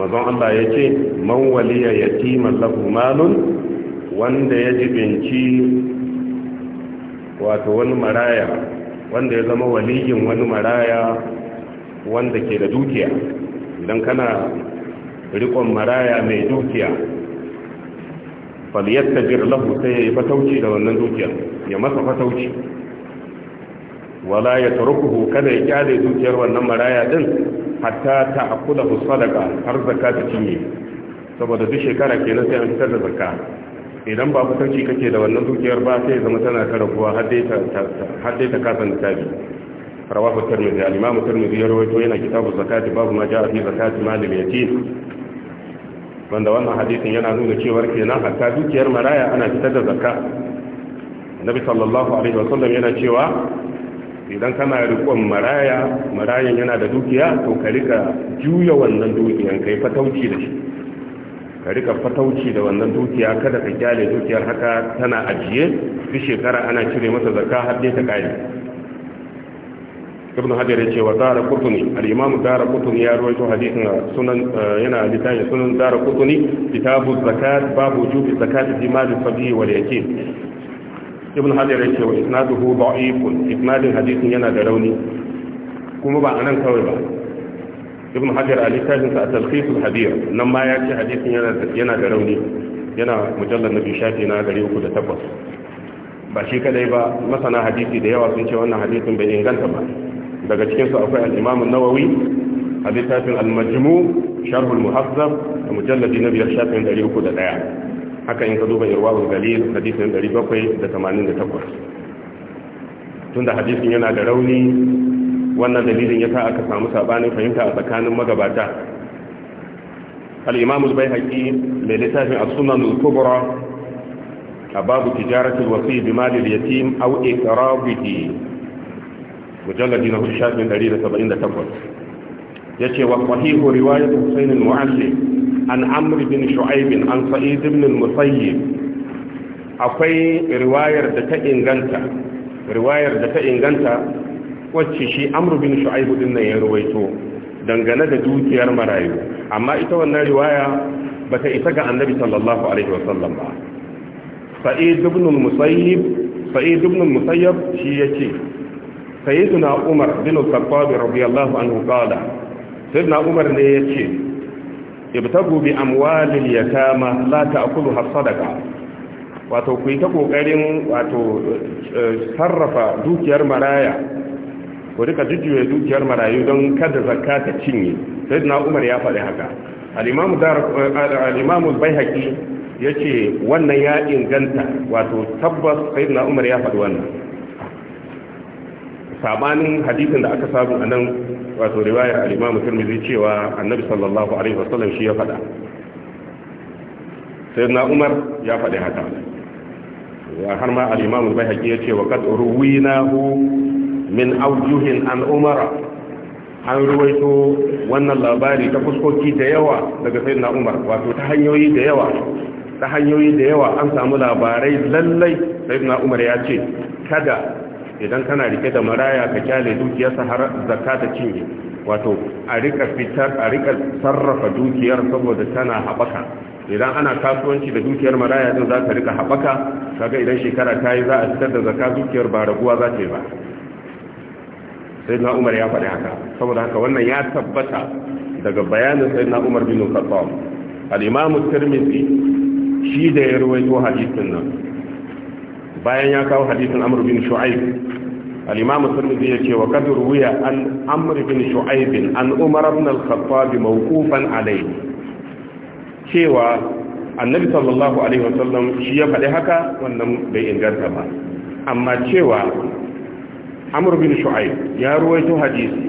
mazan Allah yace man waliya yatiman lahu malun wanda ya jibinci wato wani maraya wanda ya zama waliyin wani maraya wanda ke da dukiya idan kana rikon maraya mai dukiya faliyasta jirlahu sai ya yi fatauci da wannan dukiyar ya masa fatauci wala ya tarukuhu kada ya kyale dukiyar wannan maraya din hatta ta akula sadaka har zakka ta cinye saboda duk shekara kenan sai an fitar da zakka idan ba fatauci kake da wannan dukiyar ba sai zama tana ta har dai ta kasa رواه الترمذي al الترمذي tirmidhi ya كتاب yana kitabu zakati babu في ja'a مال اليتيم malil wanda wannan hadisin yana nuna cewa kenan hatta dukiyar maraya ana fitar da صلى الله sallallahu alaihi wasallam yana cewa idan kana rikon maraya marayan yana da dukiya to ka rika juya wannan dukiyan kai fatauci da shi ka rika fatauci da wannan dukiya kada ka kyale dukiyar haka tana ajiye duk shekara ana cire masa zakka har dai ta kare ibn hajar ya ce wa dara kutuni al-imam dara kutuni ya rawaito hadisin sunan eh, yana littafin sunan dara kutuni kitabu zakat babu wujubi zakat fi mal sabi wal yatim ibn hajar ya ce wa isnaduhu da'ifun isnadin hadisin yana da rauni kuma ba anan kawai ba ibn hajar a littafin sa at-talqis al-hadir nan ma ya ce hadisin yana yana da rauni yana mujallal nabi shafi na 308 ba shi kadai ba masana hadisi da yawa sun ce wannan hadisin bai inganta ba daga cikinsu akwai al'imamun nawawi a littafin almajimu sharhul muhazzab da mujalladi na biyar shafin 301 haka in ka duba irwawun galil hadisin 788 tun da hadisin yana da rauni wannan dalilin ya sa aka samu sabanin fahimta a tsakanin magabata Al'imamul bai haƙi mai littafin a sunan al a babu tijaratul wasi bi malil yatim au iqrabihi mujalladi na hudu shafin ɗari da saba'in da takwas ya ce wa sahihu riwaya husain al-mu'alli an Amri bin shu'aib an sa'id ibn al akwai riwayar da ta inganta riwayar da ta inganta wacce shi amr bin Shu'aibu din nan ya ruwaito dangane da dukiyar marayu amma ita wannan riwaya bata isa ga annabi sallallahu alaihi wasallam ba sa'id ibn al-musayyib sa'id ibn musayyib shi yace sayyiduna umar bin al-khattab radiyallahu anhu qala sayyiduna umar ne yace ibtagu bi amwalil yatama la ta'kuluha sadaqa wato ku yi ta kokarin wato sarrafa dukiyar maraya ku rika jujjuye dukiyar marayu don kada zakka ta cinye sayyiduna umar ya faɗi haka al-imamu dar al-imamu al-baihaqi yace wannan ya inganta wato tabbas sayyiduna umar ya faɗi wannan sabanin hadisin da aka samu a nan wato riwayar al imamu Tirmidhi cewa Annabi sallallahu alaihi wasallam shi ya faɗa sayyidina Umar ya faɗi haka har ma al imamu al ya ce wa qad ruwinahu min awjuhin an Umar an ruwaito wannan labari ta fuskoki da yawa daga sayyidina Umar wato ta hanyoyi da yawa ta hanyoyi da yawa an samu labarai lallai sayyidina Umar ya ce kada idan kana rike da maraya ka kyale dukiyarsa har zakka ta cinye wato a rika fitar a rika sarrafa dukiyar saboda tana haɓaka idan ana kasuwanci da dukiyar maraya din za ka rika haɓaka kaga idan shekara ta yi za a fitar da zakka dukiyar ba raguwa za ta yi ba sai na umar ya faɗi haka saboda haka wannan ya tabbata daga bayanin sai na umar bin khattab al-imam at-tirmidhi shi da ya ruwaito hadisin nan bayan ya kawo hadisin amr bin shu'aib al-imam tirmidhi yace wa qad ruwiya an amr bin shu'aib an umar ibn al-khattab mawqufan alayhi cewa annabi sallallahu alaihi wasallam shi ya faɗi haka wannan bai inganta ba amma cewa amr bin shu'aib ya ruwaito hadisi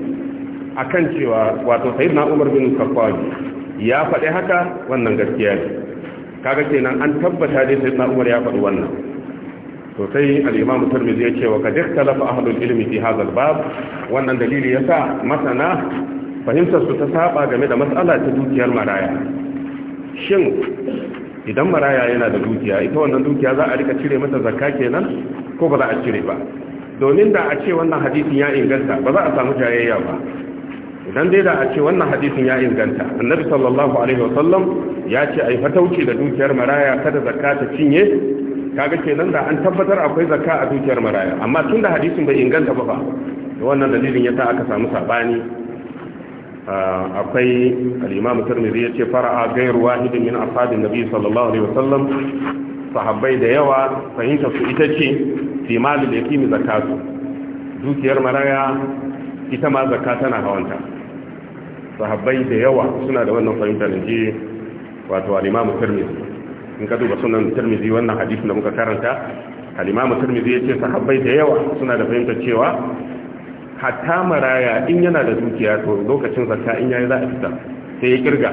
akan cewa wato sayyidina umar bin khattab ya faɗi haka wannan gaskiya ne kaga kenan an tabbata dai sayyidina umar ya faɗi wannan to sai al-imam turmizi ya ce wa kad ikhtalafa ahlul ilmi fi hadha al-bab wannan dalili sa masana fahimtar su ta saba game da mas'ala ta dukiyar maraya shin idan maraya yana da dukiya ita wannan dukiya za a rika cire mata zakka kenan ko ba za a cire ba domin da a ce wannan hadisin ya inganta ba za a samu jayayya ba idan dai da a ce wannan hadisin ya inganta annabi sallallahu alaihi wasallam ya ce ai fatauci da dukiyar maraya kada zakka ta cinye kaga kenan da an tabbatar akwai zakka a dukiyar maraya amma tun da hadisin bai inganta ba da wannan dalilin ya yasa aka samu sabani ah, akwai al-imam tirmidhi yace fara'a gairu wahidin min ashabin nabi sallallahu alaihi wasallam sahabbai da yawa fahimta su ita ce fi malil yatimi zakatu dukiyar maraya ita ma zakka tana hawanta sahabbai da yawa suna da wannan fahimta da wato al-imam tirmidhi in ka duba sunan tirmidhi wannan hadisin da muka karanta al-imam tirmidhi yace sahabbai da yawa suna da fahimtar cewa hatta maraya in yana da dukiya to lokacin zakka in yayi za a fita sai ya kirga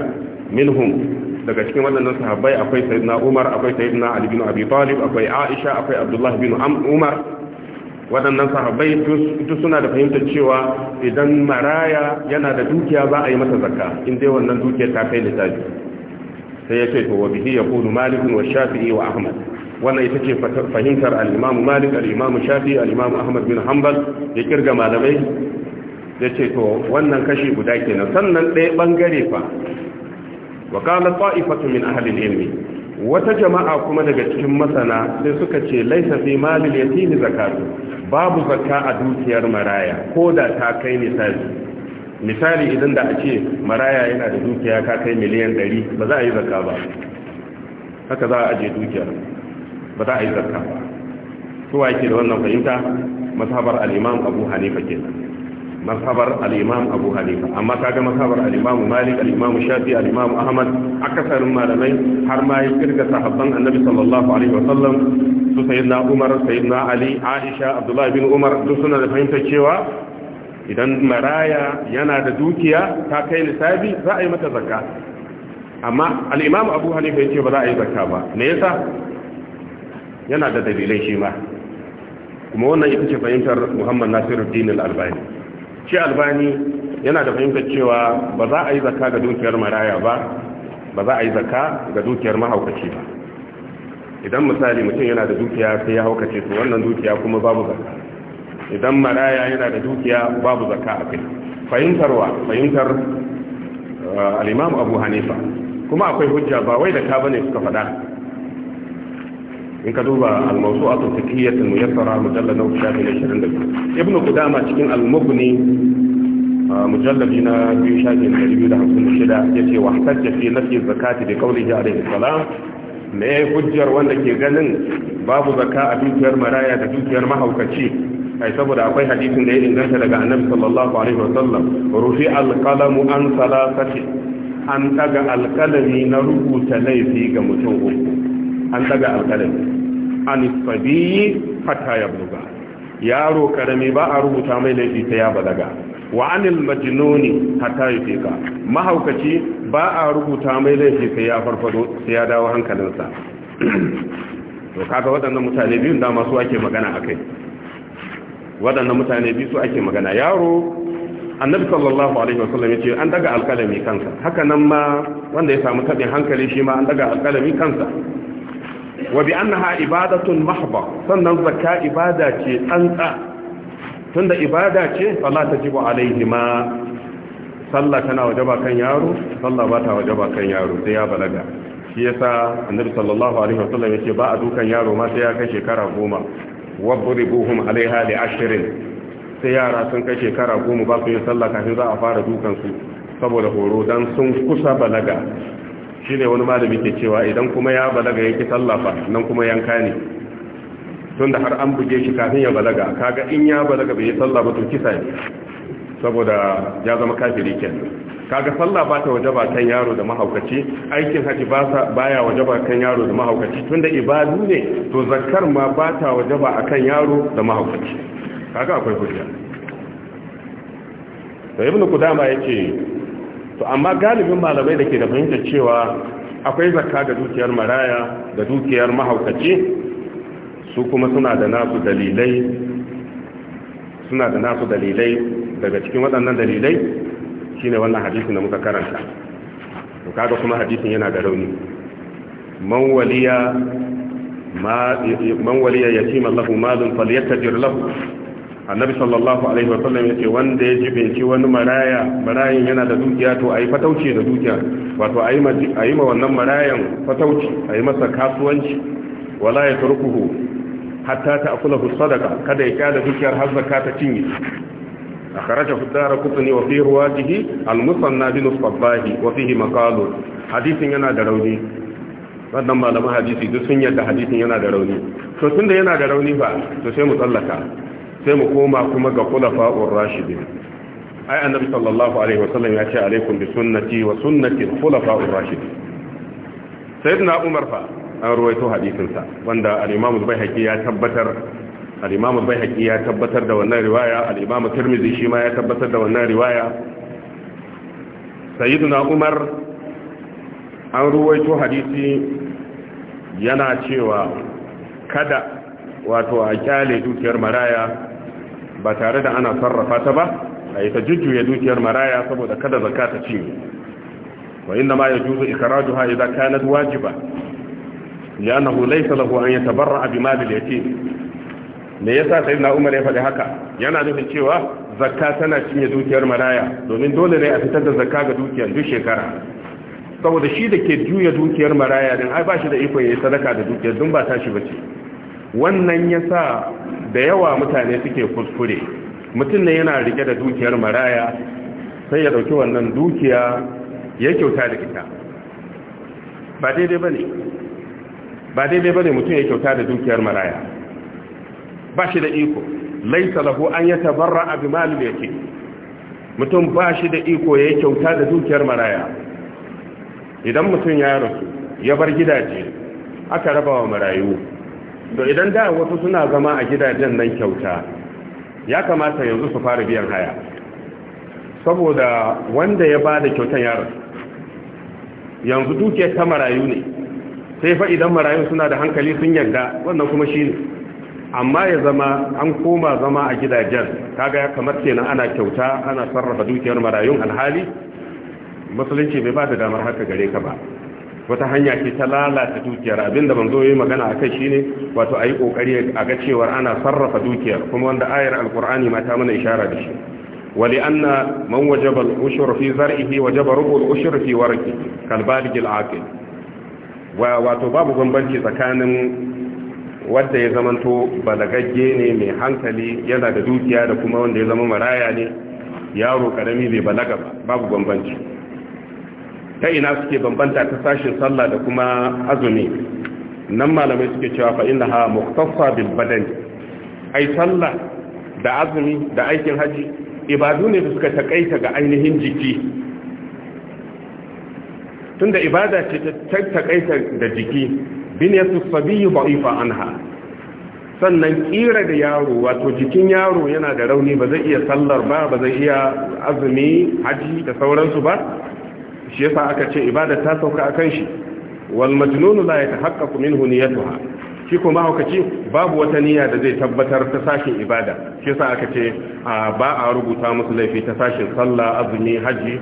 minhum daga cikin waɗannan sahabbai akwai sayyidina Umar akwai sayyidina Ali bin Abi Talib akwai Aisha akwai Abdullah bin Umar waɗannan sahabbai duk suna da fahimtar cewa idan maraya yana da dukiya za a yi masa zakka in dai wannan dukiya ta kai littafi. sai ya ce to wa bihi yaqulu malik wa shafi'i wa ahmad wannan ita ce fahimtar al-imam malik al-imam shafi'i al-imam ahmad bin hanbal da kirga malamai ya ce to wannan kashi guda kenan sannan ɗaya bangare fa wa qala ta'ifatu min ahli al-ilmi wata jama'a kuma daga cikin masana sai suka ce laisa fi malil yatimi zakatu babu zakka a dukiyar maraya ko da ta kai nisabi misali idan da a ce maraya yana da dukiya ka kai miliyan 100 ba za a yi zakka ba haka za a aje dukiya ba za a yi zakka ba kowa yake da wannan fahimta mazhabar al'imam abu hanifa ke mazhabar al'imam abu hanifa amma kaga mazhabar al-imam malik al'imam shafi al'imam imam ahmad akasarin malamai har ma ya kirga sahabban annabi sallallahu alaihi wa sallam su sayyidina umar sayyidina ali aisha abdullahi bin umar duk suna da fahimtar cewa idan maraya yana da dukiya ta kai nisabi za a yi mata zakka amma al-imam abu hanifa yace ba za a yi zakka ba me yasa yana da dalilai shi ma kuma wannan ita ce fahimtar Muhammad Nasiruddin al-Albani shi albani yana da fahimtar cewa ba za a yi zakka ga dukiyar maraya ba ba za a yi zakka ga dukiyar mahaukaci ba idan misali mutum yana da dukiya sai ya haukace su wannan dukiya kuma babu zakka idan maraya yana da dukiya babu zakka a kai fahimtarwa fahimtar eh, al abu hanifa kuma akwai hujja ba wai da ka bane suka faɗa in ka duba almasu al-mawsu'atu fiqhiyyatun muyassara mujallad na shirin da biyu. ibn qudama cikin al-mughni eh, mujallad na biyu, da da hamsin shida. Ya ce wa hajja fi nafi zakati da bi qawlihi alayhi salam me hujjar wanda ke ganin babu zakka a dukiyar maraya da dukiyar mahaukaci ai saboda akwai hadisin da ya inganta daga annabi sallallahu alaihi wasallam rufi alqalamu an salasati an daga alqalami na rubuta laifi ga mutum uku an daga alqalami an sabiyi hatta ya buga yaro karami ba a rubuta mai laifi sai ya balaga wa anil majnuni hatta yafika mahaukaci ba a rubuta mai laifi sai ya farfado sai ya dawo hankalinsa to kaga waɗannan mutane biyun da masu ake magana akai waɗannan mutane biyu su ake magana yaro annabi sallallahu alaihi wasallam yace an daga alkalami kansa haka nan ma wanda ya samu tabin hankali shi ma an daga alkalami kansa wa bi annaha ibadatun mahba sannan zakka ibada ce tsantsa tunda ibada ce fala tajibu alaihima sallah tana wajaba kan yaro sallah ba ta wajaba kan yaro sai ya balaga shi yasa annabi sallallahu alaihi wasallam yace ba a dukan yaro ma sai ya kai shekara goma wadribuhum alaiha da ashirin sai yara sun kai shekara goma ba su yin sallah kafin za a fara dukansu saboda horo don sun kusa balaga shi ne wani malami ke cewa idan kuma ya balaga yake sallah nan kuma yanka ne tunda har an buge shi kafin ya balaga kaga in ya balaga bai yi sallah ba to kisa ne saboda ya zama kafiri kenan kaga sallah ba ta wajaba kan yaro da mahaukaci aikin haji ba baya wajaba kan yaro da mahaukaci tunda ibadu ne to zakar ma ba ta wajaba akan yaro da mahaukaci kaga akwai hujja to ibnu kudama yace to amma galibin malamai da ke da fahimtar cewa akwai zakka ga dukiyar maraya da dukiyar mahaukaci su kuma suna da nasu dalilai suna da nasu dalilai daga cikin waɗannan dalilai Shi ne wannan hadisin da muka karanta to kaga kuma hadisin yana da rauni man waliya ya man waliya yatima lahu malun falyatadir lahu annabi sallallahu alaihi wasallam yace wanda ya jibinci wani maraya marayan yana da dukiya to a yi fatauci da dukiya wato a yi ma wannan marayan fatauci yi masa kasuwanci wala ya yatrukuhu hatta ta'kulahu sadaqa kada ya kyale dukiyar har zakata cinye أخرجه الدار قطني وفي رواته المصنى بنصف الله وفيه مقال حديث ينا دروني wannan malaman hadisi duk sun yadda hadisin yana da rauni to da yana da rauni ba to sai mu tsallaka sai mu koma kuma ga khulafa ur-rashidin ai annabi sallallahu alaihi wasallam ya ce alaikum bi sunnati wa sunnati al-khulafa ur-rashidin sayyidina umar fa an ruwaito hadisin sa wanda al-imam al-baihaqi ya tabbatar al bai al ya tabbatar da wannan riwaya al-imam tirmidhi shi ma ya tabbatar da wannan riwaya sayyiduna umar an ruwaito hadisi yana cewa kada wato a kyale dukiyar maraya ba tare da ana sarrafa ta ba a yi ta jujjuya dukiyar maraya saboda kada zaka ta ciwo wa inna ma yajuzu ikrajuha idza kanat wajiba li'annahu na lahu an yatabarra bi mali ya yatim me yasa na Umar ya faɗi haka yana nufin cewa zakka tana cinye dukiyar maraya domin dole ne a fitar da zakka ga dukiyar duk shekara saboda shi da ke juya dukiyar maraya din ai ba shi da iko yayi sadaka da dukiyar dun ba tashi bace wannan yasa da yawa mutane suke kuskure mutum ne yana rike da dukiyar maraya sai ya dauki wannan dukiya ya kyauta da ita ba daidai bane ba daidai bane mutum ya kyauta da dukiyar maraya ba shi da iko laisa lahu an yatabarra bi malil yake mutum ba shi da iko ya yi kyauta da dukiyar maraya idan mutum ya rasu ya bar gidaje aka raba wa marayu to idan da wasu suna zama a gidajen nan kyauta ya kamata yanzu su fara biyan haya saboda wanda ya ba da kyautan ya rasu yanzu dukiyar ta marayu ne sai fa idan marayu suna da hankali sun yarda wannan kuma shi amma ya zama an koma zama a gidajen kaga ya kamar kenan ana kyauta ana sarrafa dukiyar marayun alhali musulunci bai ba da damar haka gare ka ba wata hanya ce ta lalata dukiyar abinda ban zo yi magana a kai shine wato a yi kokari a ga cewar ana sarrafa dukiyar kuma wanda ayar alkur'ani ma ta mana ishara da shi wali anna man wajaba al ushr fi zar'ihi wajaba rubu al ushr fi warqi kal baligh al-aqil wa wato babu bambanci tsakanin wanda ya zamanto balagagge ne mai hankali yana da dukiya da kuma wanda ya zama maraya ne yaro karami bai balaga ba babu bambanci ta ina suke bambanta ta sashin sallah da kuma azumi nan malamai suke cewa fa ha muqtasa bil badan ai sallah da azumi da aikin haji ibadu ne da suka takaita ga ainihin jiki tunda ibada ce ta takaita da jiki binyatu sabiyi an anha sannan kira da yaro wato jikin yaro yana da rauni ba zai iya sallar ba ba zai iya azumi haji da sauransu ba shi yasa aka ce ibada ta sauka akan shi wal majnun la yatahaqqaqu minhu niyyatuha shi kuma mahaukaci babu wata niyya da zai tabbatar ta sashin ibada shi yasa aka ce ba a rubuta musu laifi ta sashin sallah azumi haji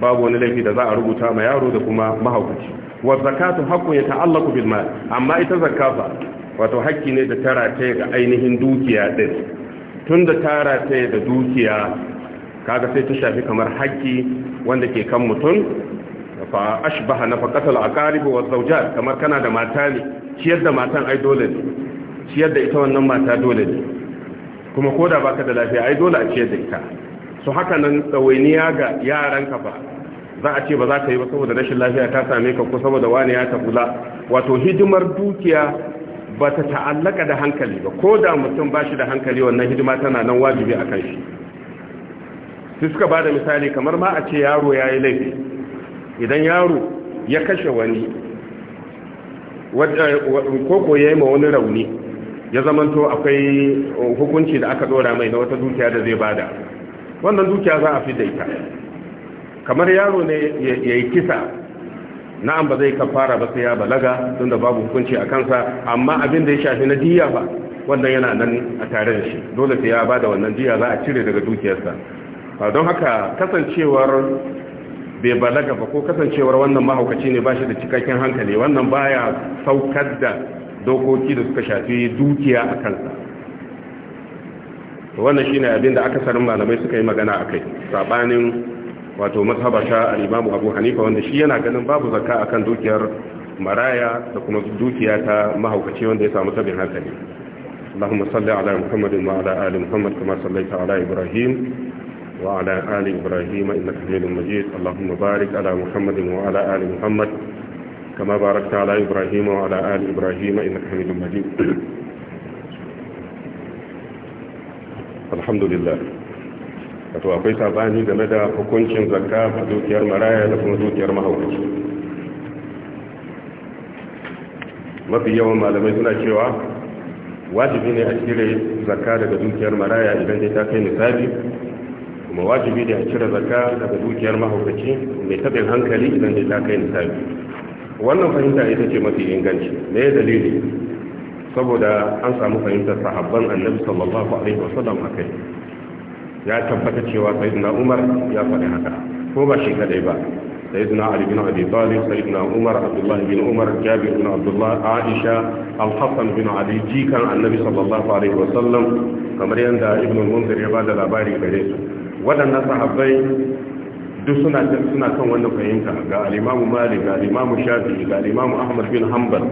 babu wani laifi da za a rubuta ma yaro da kuma mahaukaci wa zakatu haqqu yata'allaqu bil mal amma ita zakafa wato haƙƙi ne da tara ta ga ainihin dukiya din tunda tara ta da dukiya kaga sai ta shafi kamar haƙƙi wanda ke kan mutum fa ashbaha nafaqatul aqarib wa zawjat kamar kana da mata ne ciyar da matan ai dole ne ciyar da ita wannan mata dole ne kuma koda baka da lafiya ai dole a ciyar da ita so haka nan tsawainiya ga yaran ka za a ce ba za ka yi ba saboda rashin lafiya ta same ka ko saboda wani ya tafi wato hidimar dukiya ba ta ta'allaka da hankali ba ko da mutum ba shi da hankali wannan hidima tana nan wajibi a kan shi su suka ba da misali kamar ma a ce yaro ya yi laifi idan yaro ya kashe wani koko eh, ya yi ma wani rauni ya zamanto akwai hukunci da aka dora mai na wata dukiya da zai bada wannan dukiya za a fi da ita kamar yaro ne ya yi kisa na'am ba zai fara ba sai ya balaga tunda babu hukunci a kansa amma abin da ya shafi na jiya ba wannan yana nan a tare da shi dole sai ya ba da wannan jiya za a cire daga dukiyarsa don haka kasancewar bai balaga ba ko kasancewar wannan mahaukaci ne ba shi da cikakken hankali wannan baya saukar da dokoki da suka shafi dukiya a kansa wannan shine abin da akasarin malamai suka yi magana a kai sabanin wato mazhaba ta al-imamu abu hanifa wanda shi yana ganin babu zakka akan dukiyar maraya da kuma dukiya ta mahaukaci wanda ya samu tabin hankali اللهم صل على محمد وعلى آل محمد كما صليت على إبراهيم وعلى آل إبراهيم إنك حميد مجيد اللهم بارك على محمد وعلى آل محمد كما باركت على إبراهيم وعلى آل إبراهيم إنك حميد مجيد الحمد لله wato akwai sabani game da hukuncin zakka a dukiyar maraya da kuma dukiyar mahaukaci mafi yawan malamai suna cewa wajibi ne a cire zakka daga dukiyar maraya idan dai ta kai misali kuma wajibi ne a cire zakka daga dukiyar mahaukaci mai tabin hankali idan dai ta kai misali wannan fahimta ita ce mafi inganci me ya dalili saboda an samu fahimtar sahabban annabi sallallahu alaihi wasallam akai ya tabbata cewa sayyidina umar ya faɗi haka ko ba shi kadai ba سيدنا علي بن أبي طالب سيدنا عمر عبد الله بن عمر جابر بن عبد الله عائشة الحسن بن علي جيكا النبي صلى الله عليه وسلم كما يندى ابن المنذر يبادى الأباري كريس ودن صحابي duk suna suna kan wannan fahimta ga al Malik ga al-Imam Shafi'i ga al Ahmad bin Hanbal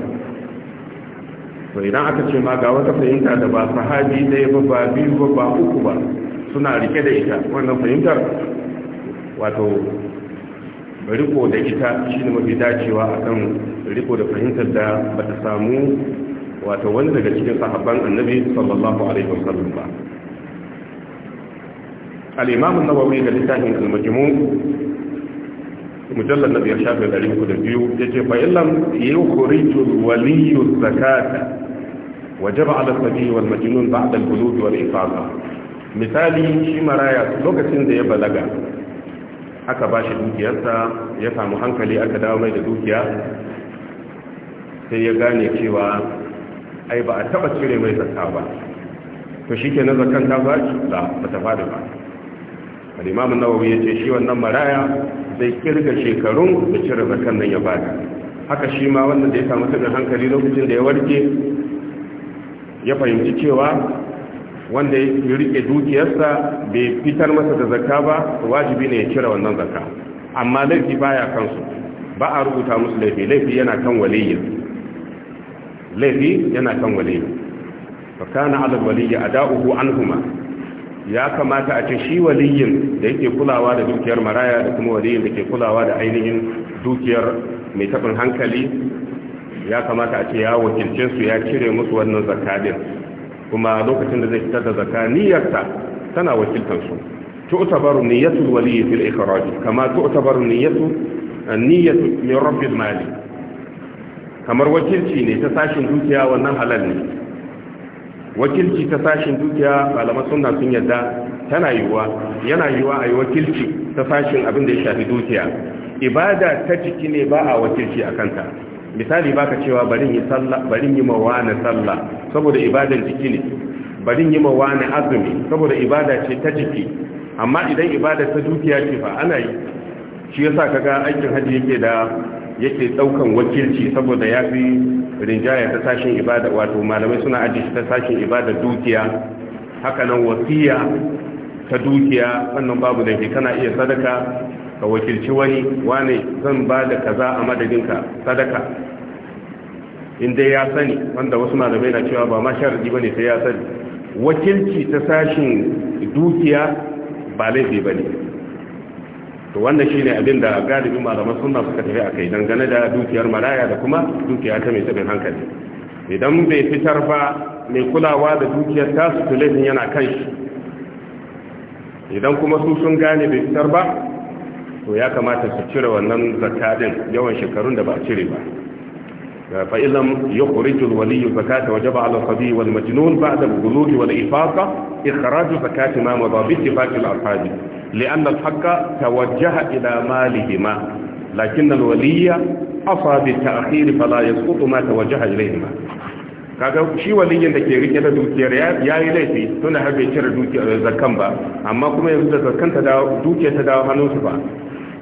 to idan aka ce ma ga wata fahimta da ba sahabi ɗaya ba ba biyu ba ba uku ba suna rike da ita wannan fahimtar wato riko da ita shi ne mafi dacewa a kan riko da fahimtar da ba ta samu wato wani daga cikin sahabban annabi sallallahu alaihi wasallam ba al-imam an-nawawi da littafin al-majmu mujallal na biyar shafin ɗari uku da biyu ya ce fa illam yukhrijul waliyyu zakata wajaba ala sabi wal majnun ba'da al-bulugh wal ifada misali shi maraya lokacin da ya balaga aka ba shi dukiyarsa ya samu hankali aka dawo mai da dukiya sai ya gane cewa ai ba a taba cire mai zarta ba to shi ke na kan ta faɗi da ba ta faɗi ba Alimamin nawawi ya ce shi wannan maraya zai kirga shekarun da cire zakkan nan ya bada. haka shi ma wannan da ya samu tabin hankali lokacin da ya warke ya fahimci cewa wanda ya rike dukiyarsa bai fitar masa da zakka ba wajibi ne ya cire wannan zakka amma laifi baya kansu ba a rubuta musu laifi laifi yana kan waliyyi laifi yana kan waliyyi fa kana ala waliyyi ada'uhu anhuma ya kamata a ce shi waliyyin da yake kulawa da dukiyar maraya da kuma waliyin da ke kulawa da ainihin dukiyar mai tabin hankali ya kamata a ce ya wakilce su ya cire musu wannan din kuma lokacin da zai fitar da zakka niyyarsa tana wakiltar su tu'tabaru niyyatu waliy fil ikhraj kama tu'tabaru niyyatu niyyatu min rabbil mali kamar wakilci ne ta sashin dukiya wannan halal ne wakilci ta sashin dukiya malaman sunna sun yadda tana yiwuwa yana yiwuwa a yi wakilci ta sashin abin da ya shafi dukiya ibada ta jiki ne ba a wakilci a kanta misali baka cewa barin yi sallah barin yi mawana sallah saboda ibadan jiki ne barin yi mawana azumi saboda ibada ce ta jiki amma idan ibada ta dukiya ce fa ana yi shi yasa kaga aikin haji yake da yake daukan wakilci saboda ya fi rinjaya ta sashin ibada wato malamai suna aji ta sashin ibada dukiya haka nan wasiya ta dukiya wannan babu da ke kana iya sadaka ka wakilci wani wane zan ba da kaza a madadinka sadaka in dai ya sani wanda wasu malamai na cewa ba ma sharadi bane sai ya sani wakilci ta sashin dukiya ba laifi bane to wannan shine abin da galibin malaman suna suka tafi a kai dangane da dukiyar malaya da kuma dukiya ta mai tsabin hankali idan bai fitar ba mai kulawa da dukiyar tasu to yana kan shi idan kuma su sun gane bai fitar ba to ya kamata su cire wannan zakka din yawan shekarun da ba cire ba fa ilam yukhrijul wali zakata wajaba ala sabi wal majnun ba'da al-bulugh wal ifaqa ikhraj zakati ma madha bi ittifaq al-arhaj li'anna al-haqqa tawajjaha ila malihima lakin al-waliy afa bi ta'khir fala yasqutu ma tawajjaha ilayhima kaga shi waliyin da ke rike da dukiyar ya yi laifi tuna har bai cire zakkan ba amma kuma yanzu da zakkan ta dawo dukiyar ta dawo hannunsu ba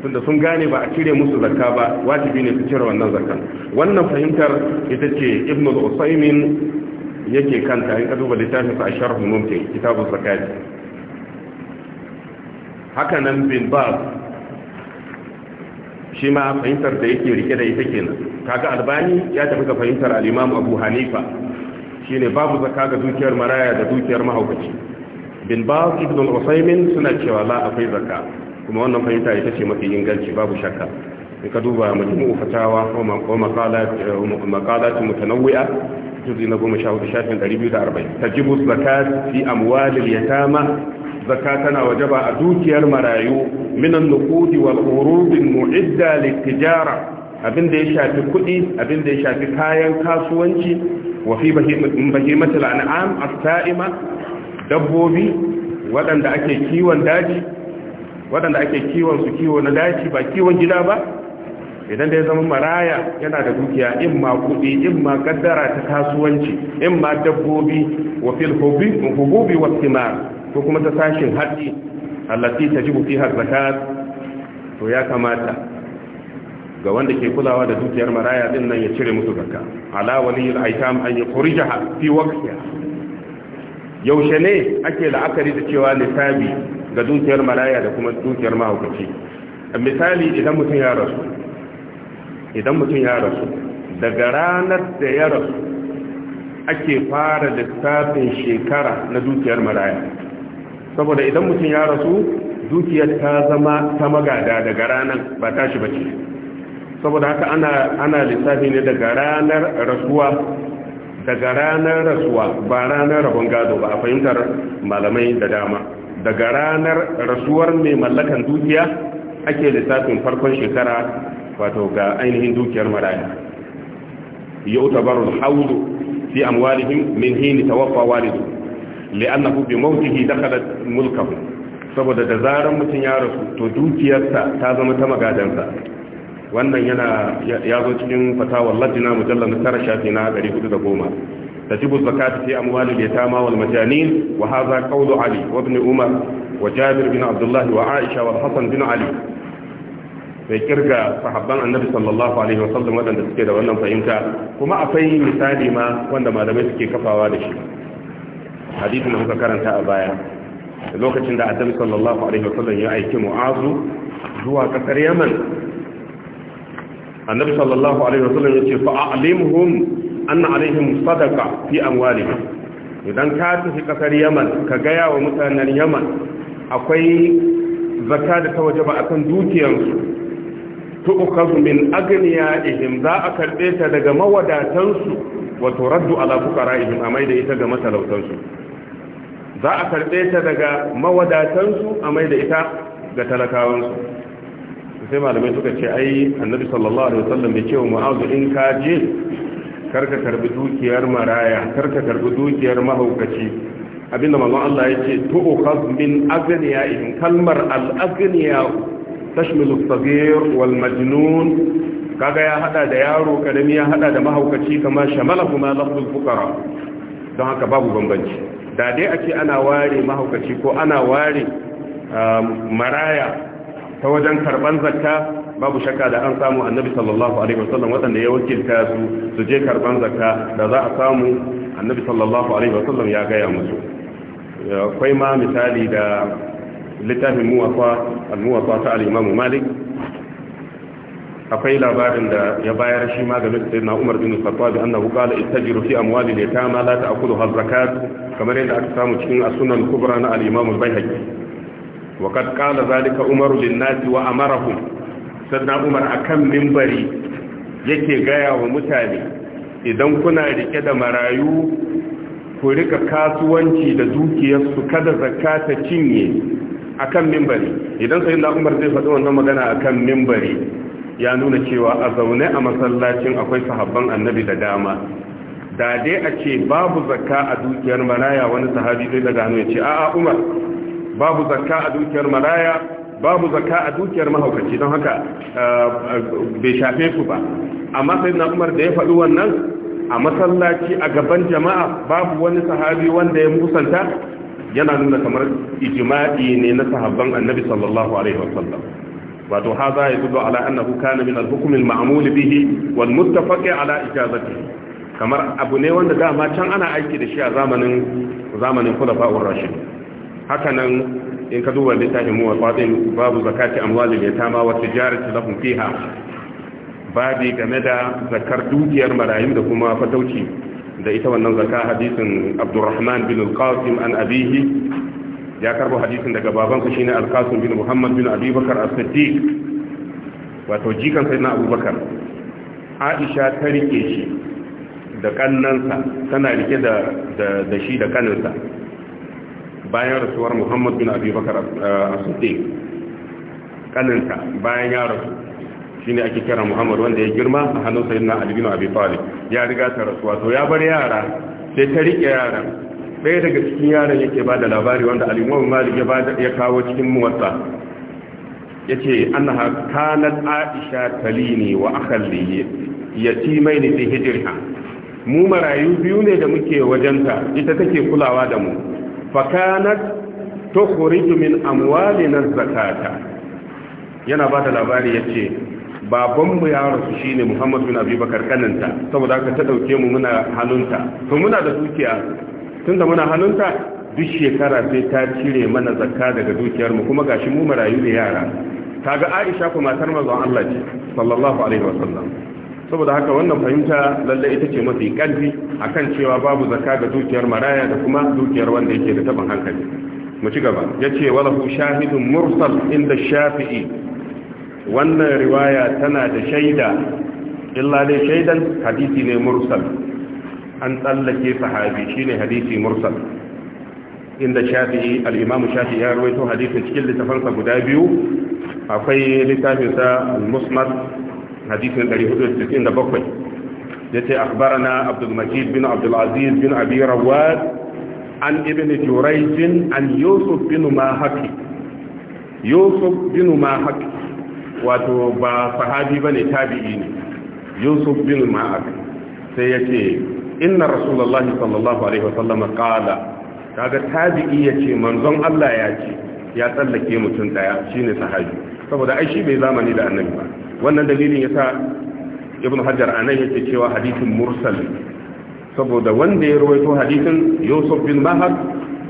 tunda sun gane ba a cire musu zakka ba wajibi ne su cire wannan zakka wannan fahimtar ita ce ibnu al-usaymin yake kanta in ka duba littafin sa sharh mumti kitabun zakati haka nan bin ba shi ma fahimtar da yake rike da ita kenan kaga albani ya tafi ga fahimtar al-imam abu hanifa shine babu zakka ga dukiyar maraya da dukiyar mahaukaci bin ba ibnu al-usaymin suna cewa la akwai zakka kuma wannan fahimta ita ce mafi inganci babu shakka in ka duba majmu'u fatawa wa maqalat mutanawwi'a juzi na goma sha hudu shafin ɗari biyu da arba'in tajibu zakat fi amwalil yatama zakka tana wajaba a dukiyar marayu minan nuqudi wal urubin mu'idda litijara abin da ya shafi kuɗi abin da ya shafi kayan kasuwanci wa fi bahimatul an'am as-sa'ima dabbobi waɗanda ake kiwon daji waɗanda ake kiwon su kiwo na daji ba kiwon gida ba idan da ya zama maraya yana da dukiya in ma kuɗi in ma gaddara ta kasuwanci in ma dabbobi wa fil hububi wa thimar ko kuma ta sashin haɗi allati tajibu fiha zakat to ya kamata ga wanda ke kulawa da dukiyar maraya din nan ya cire musu zakka ala waliyil aitam an yukhrijaha fi waqtiha yaushe ne ake la'akari da cewa nisabi ga dukiyar maraya da kuma dukiyar mahaukaci misali idan mutum ya rasu idan mutum ya rasu daga ranar da ya rasu ake fara lissafin shekara na dukiyar maraya saboda idan mutum ya rasu dukiyar ta zama ta magada daga ranar ba tashi bace saboda haka ana ana lissafi ne daga ranar rasuwa daga ranar rasuwa ba ranar rabon gado ba a fahimtar malamai da dama daga ranar rasuwar mai mallakan dukiya ake lissafin farkon shekara wato ga ainihin dukiyar maraya يعتبر الحول في أموالهم من حين توفى والده لأنه بموته دخلت mulkahu saboda da zarar mutum ya rasu to dukiyarsa ta zama ta magadansa wannan yana ya zo cikin fatawar lajina mujallar na tara shafi na 410 تجب الزكاة في أموال اليتامى والمجانين وهذا قول علي وابن عمر وجابر بن عبد الله وعائشة والحسن بن علي sai kirga sahabban annabi sallallahu alaihi wasallam wadanda suke da wannan fahimta kuma akwai misali ma wanda malamai suke kafawa da shi hadisin da muka karanta a baya lokacin da annabi sallallahu alaihi wasallam ya aiki mu'azu zuwa kasar yaman annabi sallallahu alaihi wasallam ya ce anna alaihim sadaqa fi amwalihim idan ka tafi kasar Yaman ka gaya wa mutanen Yaman akwai zakka da ta wajaba akan dukiyarsu ukazu min ihim za a karbe ta daga mawadatansu wa turaddu ala fuqara'ihim amai da ita ga matalautansu za a karbe ta daga mawadatansu amai da ita ga talakawansu sai malamai suka ce ai annabi sallallahu alaihi wasallam bai ce wa mu'azu in ka je karka karbi dukiyar maraya karka karbi dukiyar mahaukaci abinda manzon Allah yake to ukhaz min aghniya in kalmar al aghniya tashmilu as-saghir wal majnun kaga ya hada da yaro karami ya hada da mahaukaci kama shamala kuma lafzul fuqara don haka babu bambanci da dai ake ana ware mahaukaci ko ana ware ah, maraya ta wajen karban zakka babu shakka da an samu annabi sallallahu alaihi wasallam wadanda ya wakilta su su je karban zakka da za a samu annabi sallallahu alaihi wasallam ya gaya musu akwai ma misali da littafin muwafa al-muwafa ta al-imam malik akwai labarin da ya bayar shi ma game da sayyidina Umar bin Khattab annahu qala istajiru fi amwali al-yatama la ta'kulu zakat kamar yadda aka samu cikin as-sunan al-kubra na al-imam al-baihaqi wa qad qala zalika Umar lin-nasi wa amarahum sannan umar a kan mimbari yake gaya wa mutane idan kuna rike da marayu ku rika kasuwanci da dukiyarsu kada zakka ta cinye a kan mimbari idan sai da umar zai faɗi wannan magana a kan mimbari ya nuna cewa a zaune a masallacin akwai sahabban annabi da dama da dai a ce babu zakka a dukiyar maraya wani sahabi zai daga hannu ya ce a'a umar babu zakka a dukiyar maraya babu zakka a dukiyar mahaukaci don haka eh, bai shafe su ba amma sai na umar da ya faɗi wannan a masallaci a gaban jama'a babu wani sahabi wanda ya musanta yana nuna kamar ijma'i ne na sahabban annabi sallallahu alaihi wasallam wato haza ya dudu ala annahu kana min bihi wal muttafaq ala ijazatihi kamar abu ne wanda dama can ana aiki da shi a zamanin zamanin khulafa'ur rashid hakanan in ka duba littafin mu wafatin babu zakati amwalil yatama wa tijarati lahum fiha babi game da zakar dukiyar marayu da kuma fatauci da ita wannan zaka hadisin Abdurrahman bin al-Qasim an abihi ya karbo hadisin daga babansa shine al-Qasim bin Muhammad bin Abi Bakar as-Siddiq wato jikan sayyidina Abu Aisha ta rike shi da kannansa tana rike da da shi da kannansa bayan rasuwar muhammad bin abi bakar eh, as kaninsa bayan ya rasu Shi ne ake kira muhammad wanda ya girma a hannun sayyidina ali bin abi talib ya riga ta rasuwa to ya bar yara sai ta rike yara ɗaya daga cikin yaran yake ba da labari wanda al-imam malik ya kawo cikin ya ce yace annaha kanat aisha ne wa ya ci akhalli yatimaini fi hijriha mu marayu biyu ne da muke wajenta ita take kulawa da mu fakanat tukhriju min amwalina zakata yana ba da labari ce babanmu ya rasu shine Muhammad bin Abi kaninta saboda haka ta dauke mu muna hannunta to muna da dukiya tunda muna hannunta duk shekara sai ta cire mana zakka daga dukiyar mu kuma gashi mu marayu da yara ga Aisha ko matar manzon Allah ce sallallahu alaihi wasallam saboda haka wannan fahimta lalle ita ce mafi karfi akan cewa babu zakka ga dukiyar maraya da kuma dukiyar wanda yake da taban hankali mu ci gaba yace walahu shahidun mursal inda shafi'i wannan riwaya tana da shaida illa dai shaidan hadisi ne mursal an tsallake sahabi shine hadisi mursal inda shafi'i al shafi'i ya rawaito hadisin cikin littafansa guda biyu akwai littafinsa al-musnad hadisin 497 yace akhbarana abdul majid bin abdul aziz bin abi rawad an ibn jurayj an yusuf bin mahaki yusuf bin mahaki wato ba sahabi bane tabi'i ne yusuf bin mahaki sai yace inna rasulullahi sallallahu alaihi wasallam qala kaga tabi'i yace manzon Allah ya ce ya tsallake mutum daya shine sahabi saboda ai shi bai zamani da annabi ba wannan dalilin yasa ibn a nan yake cewa hadisin mursal saboda wanda ya rawaito hadisin yusuf bin bahar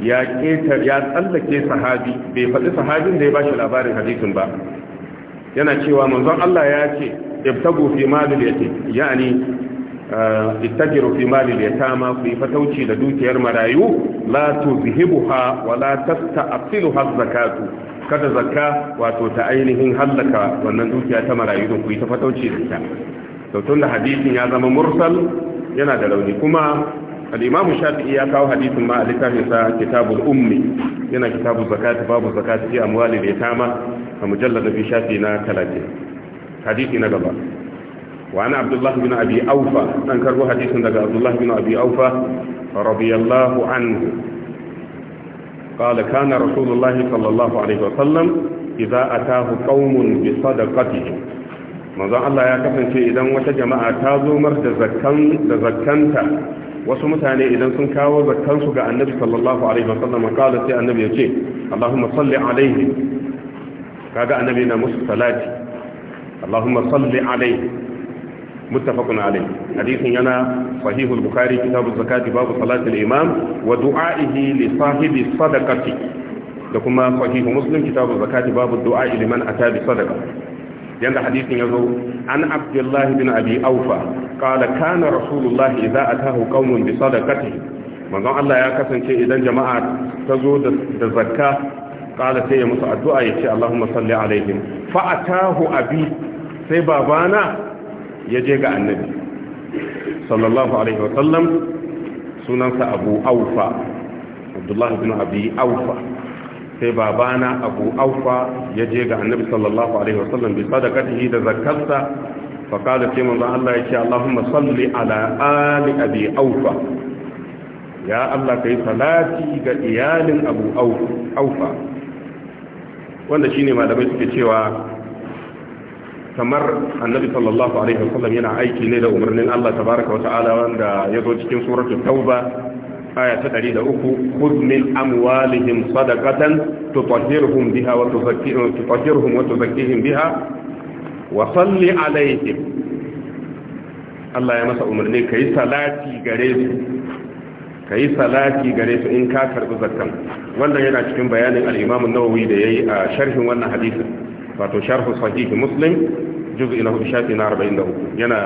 ya ya tsallake sahabi bai faɗi sahabin da ya bashi labarin hadisin ba yana cewa manzon Allah ya ce ibtagu fi malil yatim yani ah, ittajiru fi malil yatama ku yi fatauci da dukiyar marayu la tuzhibuha wa la zakatu kada zakka wato ta ainihin hallaka wannan dukiya ta marayu don ku yi ta fatauci da ta. to tun da hadisin ya zama mursal yana da rauni kuma al-imam shafi'i ya kawo hadisin ma a littafin sa kitabul ummi yana kitabul zakat babu zakat fi amwali al-yatama a mujallad bi shafi na 30 hadisi na gaba وعن عبد الله بن أبي أوفى أنكره حديث عن عبد الله بن أبي أوفى رضي الله قال كان رسول الله صلى الله عليه وسلم إذا أتاه قوم بصدقتهم Allah ya kasance idan wata jama'a ta zo mar da zakkan wasu mutane idan sun kawo zakkansu ga annabi sallallahu alaihi wasallam kala kaga annabi musu salati muttafaqun alayh hadisin yana sahihul bukhari kitabuz zakati babu salatul imam wa du'a'ihi li sahibi sadaqati da kuma sahihu muslim kitabuz zakati babu du'a'i liman ata bi sadaqa yanda hadisin yazo an abdullah bin abi aufa qala kana rasulullahi idza atahu qaumun bi sadaqati manzon Allah ya kasance idan jama'a ta zo da zakka kala sai ya musu addu'a ya ce Allahumma salli alaihim fa a bi sai babana ya je ga annabi sallallahu alaihi wasallam sunansa abu aufa abdullahi bin abi aufa sai babana abu aufa ya je ga annabi sallallahu alaihi wasallam bi sadaqatihi da zakarsa fa qala sai manzo Allah ce Allahumma salli ala ali abi aufa ya Allah ka yi salati ga iyalin abu aufa wanda shine malamai suke cewa kamar annabi sallallahu alaihi wasallam yana aiki ne da umarnin Allah tabaraka wata'ala wanda ya zo cikin suratul tauba aya ta 103 khudh min amwalihim sadaqatan tutahhiruhum biha wa tuzakkihim tutahhiruhum wa tuzakkihim biha wa salli alaihim Allah ya masa umarni kai salati gare su kai salati gare su in ka karbi zakkan wannan yana cikin bayanin al-Imam an-Nawawi da yayi a sharhin wannan hadisin wato sharhu sahih muslim juz'i na hudu shafi na arba'in da hudu, yana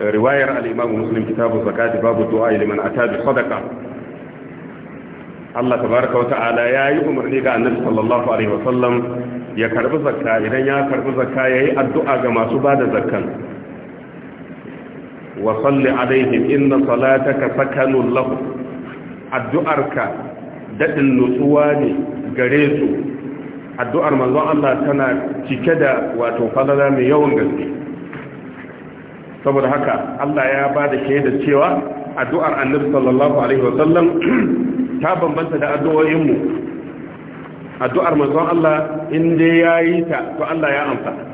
eh, riwayar al muslim kitabun zakati babu du'a liman ata bi sadaqa Allah tabaraka wa ta'ala ya yi umarni ga annabi sallallahu alaihi wa sallam ya karbi zakka idan ya karbi zakka yayi addu'a ga masu bada zakkan wa salli alaihim inna salataka sakanun lahum addu'arka dadin nutsuwa ne gare su addu'ar manzon Allah tana cike da wato falala mai yawan gaske saboda haka Allah ya ba da shaida cewa addu'ar annabi sallallahu alaihi wasallam ta bambanta da addu'o'inmu addu'ar manzon Allah in dai yayi ta to Allah ya amsa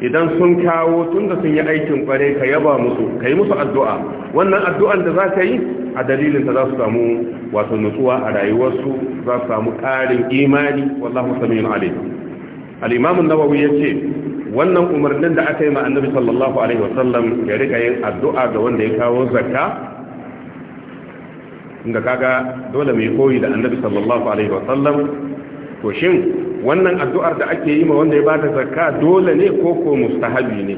idan sun kawo tun da sun yi aikin kware ka yaba musu ka yi musu addu'a wannan addu'an da za ka yi a dalilin ta za su samu wasu nutsuwa a rayuwarsu za su samu ƙarin imani wallahu samiyin alim al'imamun nawawi ya ce wannan umarnin da aka yi ma annabi sallallahu alaihi wasallam ya rika yin addu'a ga wanda ya kawo zakka inda kaga dole mai koyi da annabi sallallahu alaihi wasallam to shin wannan addu'ar da ake yi ma wanda ya bada zakka dole ne ko ko mustahabi ne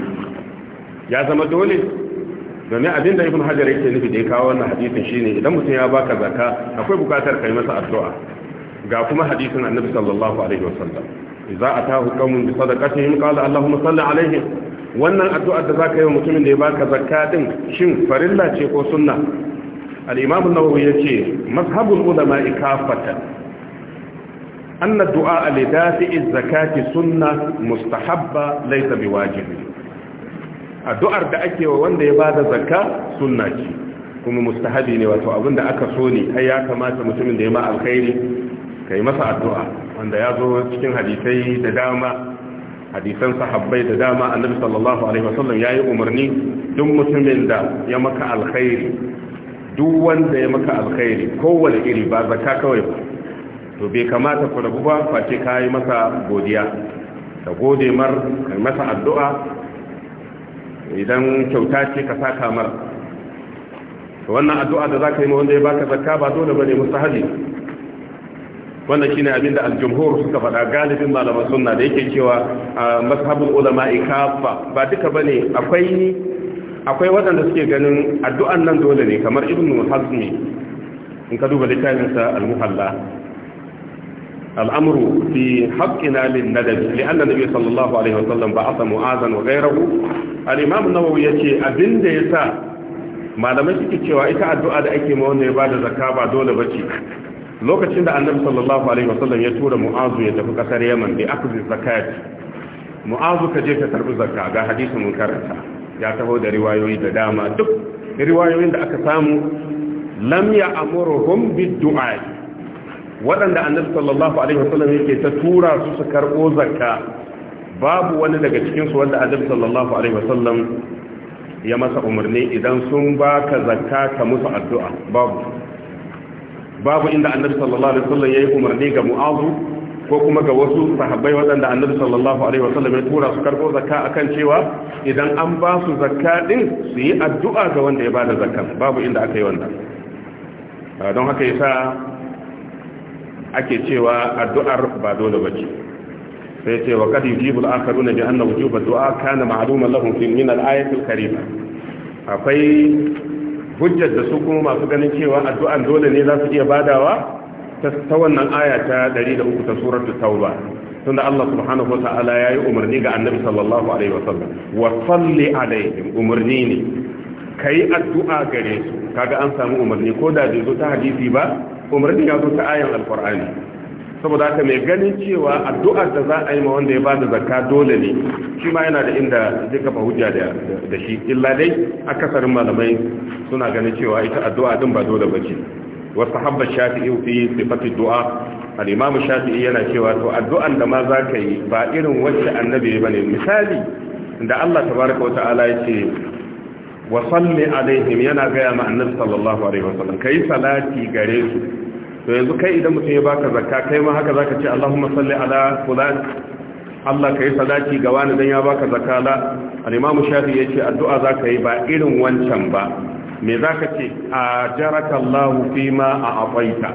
ya zama dole domin abin da ibn hajar yake nufi da ya kawo wannan hadisin shine idan mutum ya baka zakka akwai bukatar kai masa addu'a ga kuma hadisin annabi sallallahu alaihi wasallam idza atahu qaumun bi sadaqatihim qala allahumma salli alaihim wannan addu'ar da zaka yi wa mutumin da ya baka zakka din shin farilla ce ko sunna al-imam an-nawawi yace mazhabul ulama kafatan anna du'a li dafi'i zakati sunna mustahabba laysa wajibi addu'ar da ake wanda ya bada zakka sunna ce kuma mustahabi ne wato abin da aka so ne har ya kamata mutumin da ya ma kai masa addu'a wanda ya zo cikin hadisai da dama hadisan sahabbai da dama annabi sallallahu yayi umarni duk mutumin da ya maka alkhairi duk wanda ya maka alkhairi kowane iri ba zakka kawai ba to bai kamata ku rabu ba face ka yi masa godiya ka gode mar kai masa addu'a idan kyauta ce ka saka mar wannan addu'a da za ka yi ma wanda ya baka zakka ba dole ba ne wannan shine abinda da aljumhur suka faɗa galibin malaman sunna da yake cewa mazhabul ulama'i ikafa ba duka bane akwai akwai waɗanda suke ganin addu'an nan dole ne kamar ibnu hazmi in ka duba littafin sa al-muhalla الأمر في حقنا للندب لأن النبي صلى الله عليه وسلم بعث معاذا وغيره الإمام النووي يتي أبن ديسا ما لم يتكي cewa ita addu'a da ake ma wanda ya bada zakka ba dole bace lokacin da annabi sallallahu alaihi wasallam ya tura mu'azu ya tafi kasar yaman bi akhdhi zakat mu'azu ka je ka karbi zakka ga hadisin mun karanta ya taho da riwayoyi da dama duk riwayoyin da aka samu lamya ya amuruhum du'a waɗanda annabi sallallahu alaihi wasallam yake ta tura su su karɓo zakka babu wani daga cikin su wanda annabi sallallahu alaihi wasallam ya masa umarni idan sun baka zakka ka musu addu'a babu babu inda annabi sallallahu alaihi wasallam yayi umarni ga mu'azu ko kuma ga wasu sahabbai waɗanda annabi sallallahu alaihi wasallam ya tura su karɓo zakka akan cewa idan an ba su zakka din su yi addu'a ga wanda ya bada zakka babu inda aka yi wannan don haka yasa ake cewa addu'ar ba dole bace sai ce wa kad yujibu al-akharuna bi anna wujuba du'a kana ma'luman lahum fi min al-ayati karima akwai hujjar da su kuma masu ganin cewa addu'an dole ne za su iya badawa ta wannan aya ta 103 ta suratul tauba tunda Allah subhanahu wa ta'ala yayi umarni ga Annabi sallallahu alaihi sallam wa salli alaihim umarni ne ka addu'a gare su kaga an samu umarni ko da bai zo ta hadisi ba umarni ya zo ta ayan alkur'ani saboda haka mai ganin cewa addu'a da za a yi ma wanda ya bada zakka dole ne shi ma yana da inda zai kafa hujja da shi illa dai akasarin malamai suna ganin cewa ita addu'a din ba dole ba ce wasu habba shafi'i fi sifati du'a al-imam shafi'i yana cewa to addu'an da ma za ka yi ba irin wacce annabi bane misali da Allah tabaraka wa ta'ala ya wa salli alaihim yana gaya ma annabi sallallahu alaihi wasallam kai salati gare su to yanzu kai idan mutum ya baka zakka kai ma haka zaka ce Allahumma salli ala fulan Allah kai salati ga wani dan ya baka zakka la al-Imam Shafi yace addu'a zaka yi ba irin wancan ba me zaka ce ajaraka Allahu fima a'taita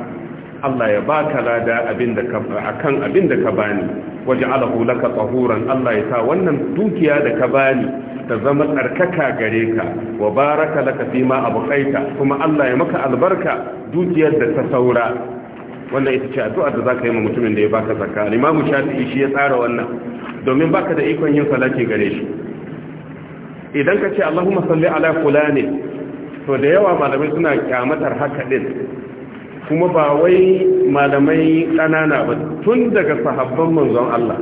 Allah ya baka lada abinda ka akan abinda ka bani waj'alahu laka tahuran Allah ya sa wannan dukiya da ka bani ta zama tsarkaka gare ka wa baraka laka fi ma abuqaita kuma Allah ya maka albarka dukiyar da ta saura wannan ita ce addu'a da zaka yi ma mutumin da ya baka zakka al-Imam shi ya tsara wannan domin baka da ikon yin salati gare shi idan ka ce Allahumma salli ala ne, to da yawa malamai suna kyamatar haka din kuma ba wai malamai ƙanana ba tun daga sahabban manzon Allah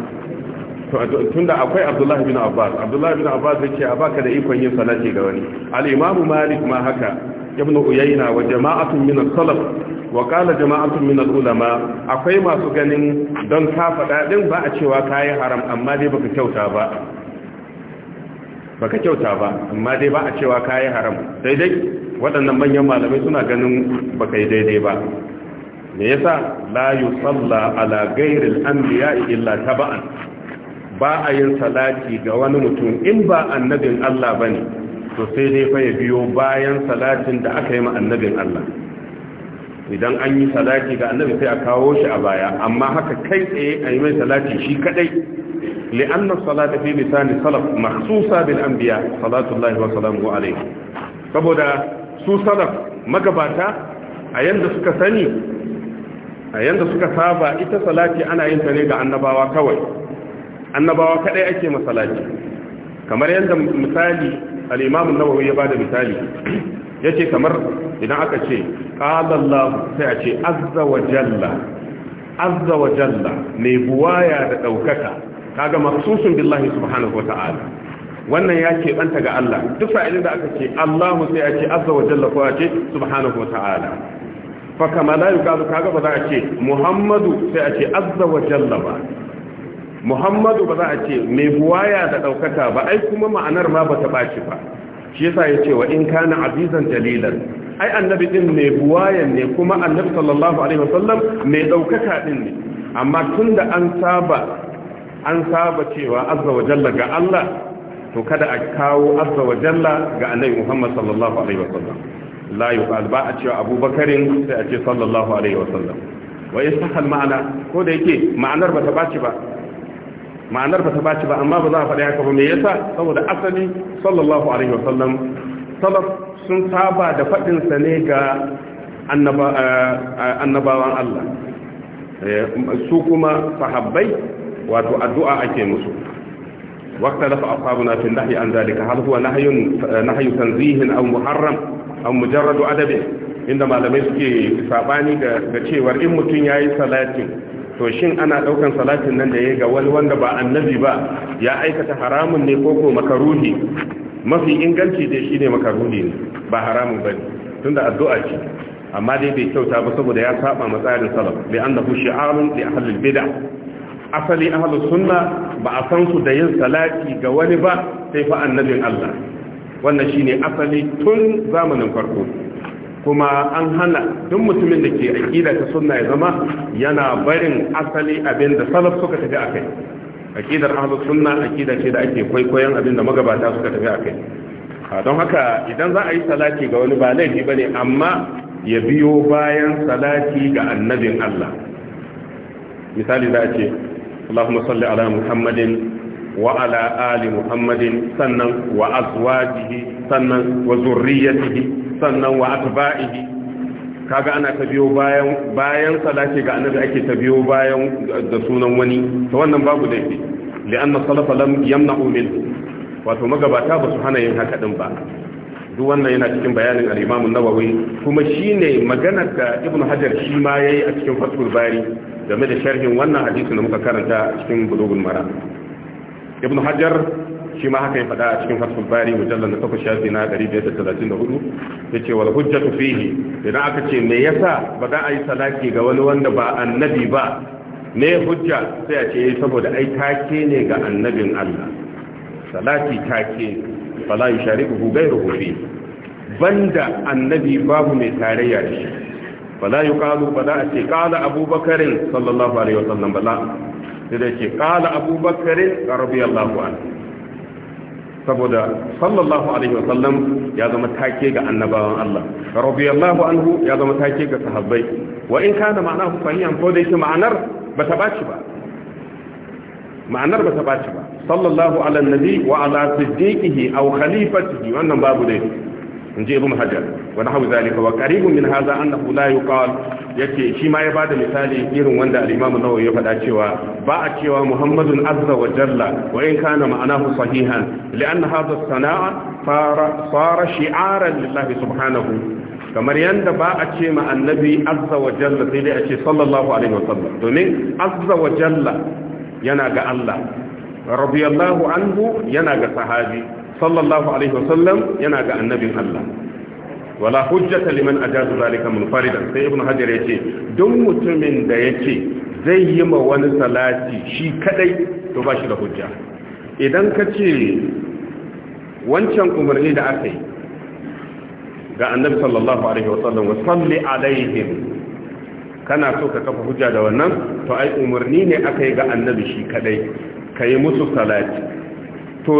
tunda akwai abdullahi bin abbas abdullahi bin abbas yake a baka da ikon yin salati ga wani al-imamu malik ma haka ibn uyayna wa jama'atun min as-salaf wa qala jama'atun min al-ulama akwai masu ganin don ka fada din ba a cewa kai haram amma dai baka kyauta ba baka kyauta ba amma dai ba a cewa kai haram daidai waɗannan manyan malamai suna ganin baka yi daidai ba me yasa la yusalla ala ghairi al-anbiya illa taba'an ba a yin salati ga wani mutum in ba annabin Allah ba ne to sai dai fa ya biyo bayan salatin da aka yi ma annabin Allah idan an yi salati ga annabi sai a kawo shi a baya amma haka kai tsaye a yi mai salati shi kadai li'anna salata fi lisani salaf makhsusa bil anbiya salatullahi wa salamuhu alayhi saboda su salaf magabata a yanda suka sani a yanda suka saba ita salati ana yin ta ne ga annabawa kawai annabawa kadai ake masallaci kamar yadda misali al-imam an-nawawi ya da misali yace kamar idan aka ce qala sai a ce azza wa jalla azza wa jalla buwaya da ɗaukaka, kaga maksusun billahi subhanahu wa ta'ala wannan ya ke banta ga Allah duk sa'ilin da aka ce Allahu sai a ce azza wa jalla ko a ce subhanahu wa ta'ala fa kama la kaga ba za a ce Muhammadu sai a ce azza wa jalla ba muhammadu ba za a ce mai buwaya da ɗaukaka ba ai kuma ma'anar ma ba ta ɓaci ba shi yasa ya ce wa in kana abizan dalilan ai annabi din mai buwayan ne kuma annabi sallallahu alaihi wasallam mai ɗaukaka din ne amma tun da an saba an saba cewa azza wa jalla ga Allah to kada a kawo azza wa jalla ga annabi muhammad sallallahu alaihi wasallam la yuqal ba a cewa abubakarin sai a ce sallallahu alaihi wasallam wa yastahal ma'ana ko da yake ma'anar ba ta ɓaci ba ma'anar ba ta ba ba amma ba za a faɗi haka ba mai yasa saboda asali sallallahu alaihi wa sallam salaf sun saba da faɗinsa ne ga eh, annabawan Allah eh, su kuma sahabbai wato addu'a ake musu waqta dafa asabuna fil nahyi an zalika hal huwa nahyun eh, nahyu tanzihin aw muharram aw mujarrad adab inda malamai suke saɓani ga cewa in mutun yayi salatin to shin ana daukan salatin nan da ya ga wani wanda ba annabi ba ya aikata haramun ne ko ko makaruni mafi inganci dai shine makaruni ne ba haramun bane tunda addu'a ce amma dai bai kyauta ba saboda ya saba matsayin salaf bi annahu shi'arun li ahli bid'ah asali ahlus sunna ba a san su da yin salati ga wani ba sai fa annabin Allah wannan shine asali tun zamanin farko kuma an hana duk mutumin da ke aƙida ta sunna ya zama yana barin asali abin da salaf suka tafi akai aƙidar ahlus sunna aƙida ce da ake kwaikwayon abin da magabata suka tafi akai don haka idan za a yi salati ga wani ba laifi bane amma ya biyo bayan salati ga annabin Allah misali za a ce Allahumma salli ala Muhammadin wa ala ali Muhammadin sannan wa azwajihi sannan wa zurriyyatihi sannan wa atba'ihi kaga ana ta biyo bayan bayan salati ga annabi ake ta biyo bayan da sunan wani to wannan babu laifi li'anna salafa lam yamna'u min wato magabata ba su hana yin haka din ba duk wannan yana cikin bayanin al-Imam an-Nawawi kuma shine maganar da Ibn Hajar shi ma yayi a cikin Fathul Bari game da sharhin wannan hadisi da muka karanta cikin Bulughul Maram Ibn Hajar shi ma haka ya faɗa a cikin fasul bari mujallar na takwas shafi na 534 ya ce wal hujjatu fihi idan aka ce me yasa ba za a yi salati ga wani wanda ba annabi ba Ne hujja sai a ce eh, saboda ai take ne ga annabin Allah salati take fala yushariku ghayruhu fi banda annabi babu mai tarayya da shi fala yuqalu ba za a ce qala abubakarin sallallahu alaihi wasallam bala sai da ce qala abubakarin radiyallahu anhu saboda sallallahu alaihi wa sallam ya zama take ga annabawan Allah radiyallahu anhu ya zama take ga sahabbai wa in kana ma'ana ma'anahu sahihan ko da yake ma'anar ba ta baci ba ma'anar ba ta baci ba sallallahu ala nabi wa ala siddiqihi aw khalifatihi wannan babu dai in ji ibn hajar wa nahwu zalika wa qaribun min hadha annahu la yuqal yake shi ma ya bada misali irin wanda al-imam an-nawawi ya faɗa cewa ba a cewa muhammadun azza wa jalla wa in kana ma'anahu sahihan li'an hadha sanaa fara fara shi'aran lillahi subhanahu kamar yanda ba a ce ma annabi azza wa jalla sai dai a ce sallallahu alaihi wa sallam domin azza wa jalla yana ga Allah radiyallahu anhu yana ga sahabi sallallahu alaihi wasallam yana ga annabin Allah wala hujjata liman ajazu zalika munfaridan sai ibnu hajar yace duk mutumin da yake zai yi ma wani salati shi kadai to ba shi da hujja idan ka ce wancan umarni da aka yi ga annabi sallallahu alaihi wasallam wa salli alaihim kana so ka kafa hujja da wannan to ai umarni ne aka yi ga annabi shi kadai ka yi musu salati to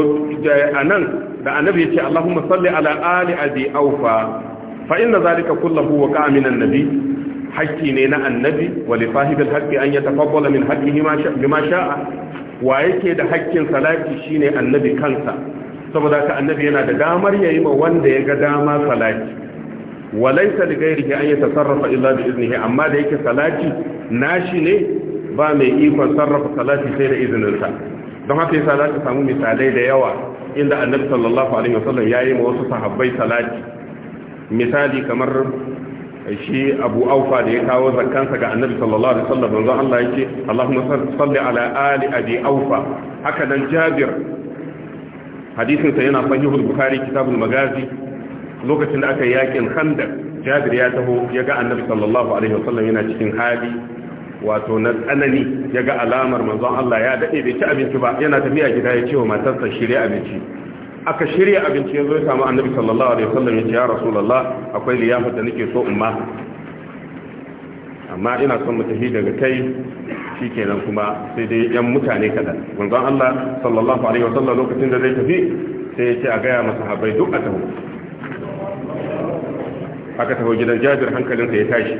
a nan da annabi ya ce Allahumma salli ala ali abi aufa fa inna zalika kullahu wa qa'a annabi haƙƙi ne na annabi wa li sahibil haqqi an yatafaddala min haqqihi ma sha'a wa yake da haƙƙin salati shine annabi kansa saboda ka annabi yana da damar yayi ma wanda ya ga dama salati wa laysa li ghayrihi an yatasarrafa illa bi iznihi amma da yake salati nashi ne ba mai ikon sarrafa salati sai da izininsa don haka yasa za ka samu misalai da yawa inda annabi sallallahu alaihi wasallam ya yi ma wasu sahabbai salati misali kamar shi abu aufa da ya kawo zakkansa ga annabi sallallahu alaihi wasallam manzo Allah yake Allahumma salli ala ali abi aufa haka nan jabir hadisin sa yana sahihul bukhari kitabul magazi lokacin da aka yi yakin khandaq jabir ya taho ya ga annabi sallallahu alaihi wasallam yana cikin hali wato na tsanani ya ga alamar manzon Allah ya daɗe bai ci abinci ba yana tafiya gida ya ce wa matarsa shirya abinci aka shirya abinci ya zo ya samu annabi sallallahu alaihi wasallam ya ce ya rasulullah akwai liyafar da nake so umma amma ina son mu tafi daga kai shikenan kuma sai dai yan mutane kadan manzon Allah sallallahu alaihi wasallam lokacin da zai tafi sai ya ce a gaya masa habai duk a taho aka taho gidan jabir hankalinsa ya tashi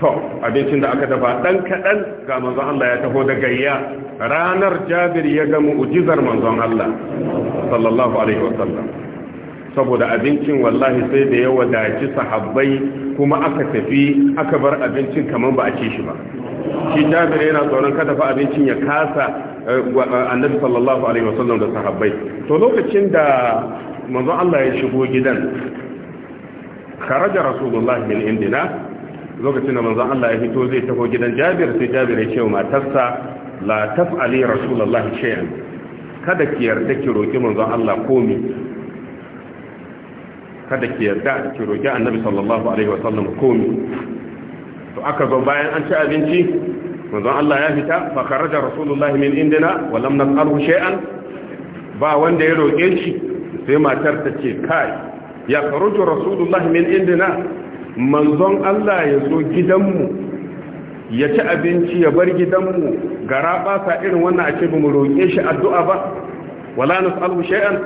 to abincin da aka dafa dan kadan ga manzon Allah ya taho da gayya ranar Jabir ya ga mu'jizar manzon Allah sallallahu alaihi wasallam saboda abincin wallahi sai da ya wadaci sahabbai kuma aka tafi aka bar abincin kaman ba a ci shi ba shi Jabir yana tsoron kada fa abincin ya kasa eh, annabi sallallahu alaihi wasallam da sahabbai to lokacin da manzon Allah ya shigo gidan kharaja rasulullahi min indina lokacin da manzon Allah ya fito zai taho gidan Jabir sai Jabir ya ce wa matarsa la taf'ali rasulullah shay'an kada ki yarda ki roki manzon Allah komi kada ki yarda ki roki annabi sallallahu alaihi wasallam komi to aka zo bayan an ci abinci manzon Allah ya fita fa kharaja rasulullah min indina wa lam nas'alhu shay'an ba wanda ya roke shi sai matar ta ce kai ya kharuju rasulullah min indina manzon Allah ya zo gidanmu ya ci abinci ya bar gidanmu gara ba sa irin wannan a ce ba mu roƙe shi addu'a ba wala nas'alu shay'an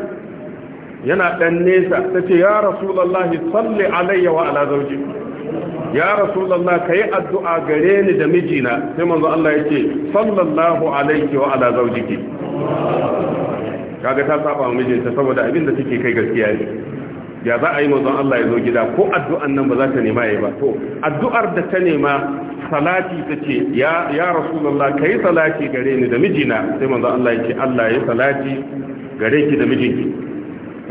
yana dan nesa tace ya rasulullahi salli alayya wa ala zawji ya rasulullah kai addu'a gare ni da mijina sai manzo Allah yake sallallahu alayki wa ala zawjiki kaga ta saba mijinta saboda abin da take kai gaskiya ne ya za a yi mazan Allah ya zo gida ko addu'an nan ba za ta nema ya ba to addu'ar da ta nema salati ta ce ya rasulallah ka kai salati gare ni da mijina sai mazan Allah ya ce Allah ya salati gare ki da mijinki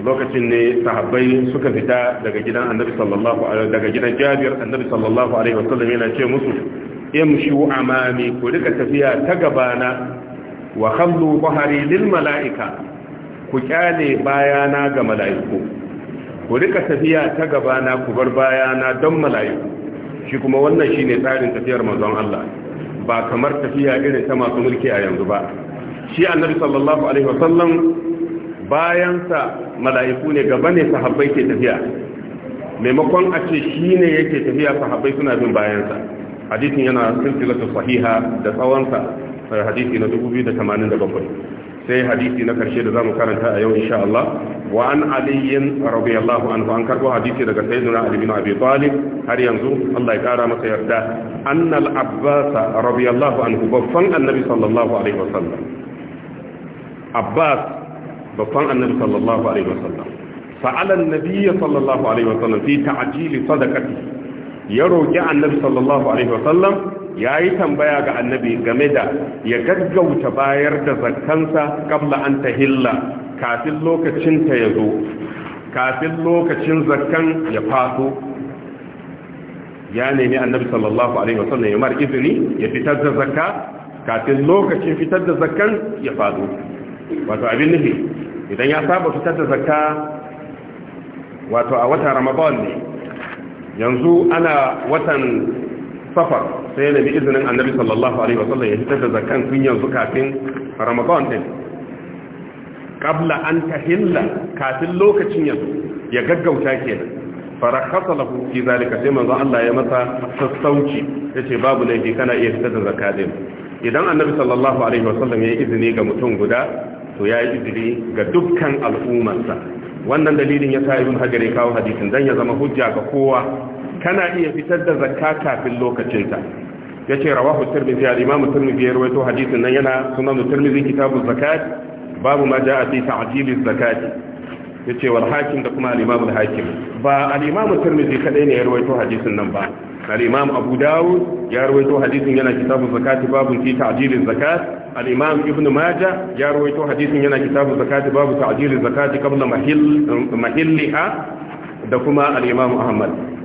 lokacin ne sahabbai suka fita daga gidan annabi sallallahu alaihi daga gidan Jabir annabi sallallahu alaihi wasallam yana ce musu imshu amami ku rika tafiya ta gabana wa khallu bahari lil mala'ika ku kyale bayana ga mala'iku ku rika tafiya ta na ku bar na don mala'iku shi kuma wannan shine tsarin tafiyar manzon Allah ba kamar tafiya irin ta masu mulki a yanzu ba shi annabi sallallahu alaihi wasallam bayan sa mala'iku ne gaba ne sahabbai ke tafiya maimakon a ce shine yake tafiya sahabbai suna bin bayan sa hadisin yana silsilatu sahiha da tsawonsa. sa hadisi na 2087 sai hadisi na karshe da zamu karanta a yau insha Allah wa an aliyin radiyallahu anhu an karbo hadisi daga sayyidina ali bin abi talib har yanzu Allah ya kara masa yarda annal abbas radiyallahu anhu babban annabi sallallahu alaihi wasallam abbas babban annabi sallallahu alaihi wasallam sa'ala an-nabiy sallallahu alaihi wasallam fi ta'jil sadaqati ya roki annabi sallallahu alaihi wasallam ya yi tambaya ga annabi game da ya gaggauta bayar da zakkansa kabla an ta hilla kafin lokacinta ya zo kafin lokacin zakkan ya faso ya nemi annabi sallallahu alaihi wasallam ya mar izini ya fitar da zakka kafin lokacin fitar da zakkan ya faso wato abin nufi idan ya saba fitar da zakka wato a watan ramadan ne yanzu ana watan safar sai da bi izinin annabi sallallahu alaihi wasallam ya fitar da zakan tun yanzu kafin ramadan din qabla an tahilla kafin lokacin yanzu ya gaggauta kenan farakhasa lahu fi zalika sai manzo Allah ya masa sassauci yace babu laifi kana iya fitar da zakat idan annabi sallallahu alaihi wasallam ya izini ga mutum guda to ya yi izini ga dukkan al'ummarsa wannan dalilin ya sa ibn hajar ya kawo hadisin dan ya zama hujja ga kowa kana iya fitar da zakka kafin lokacinta ya ce rawahu tirmidhi al-imam tirmidhi ya rawaito hadisin nan yana sunan tirmidhi kitabu zakat babu ma jaa fi ta'jil zakati yace wal hakim da kuma al hakim ba al-imam kadai ne ya rawaito hadisin nan ba al-imam abu dawud ya rawaito hadisin yana kitabu zakati babu fi ta'jil zakat al-imam ibn majah ya rawaito hadisin yana kitabu zakati babu ta'jil zakati qabla mahill mahilliha da kuma al-imam ahmad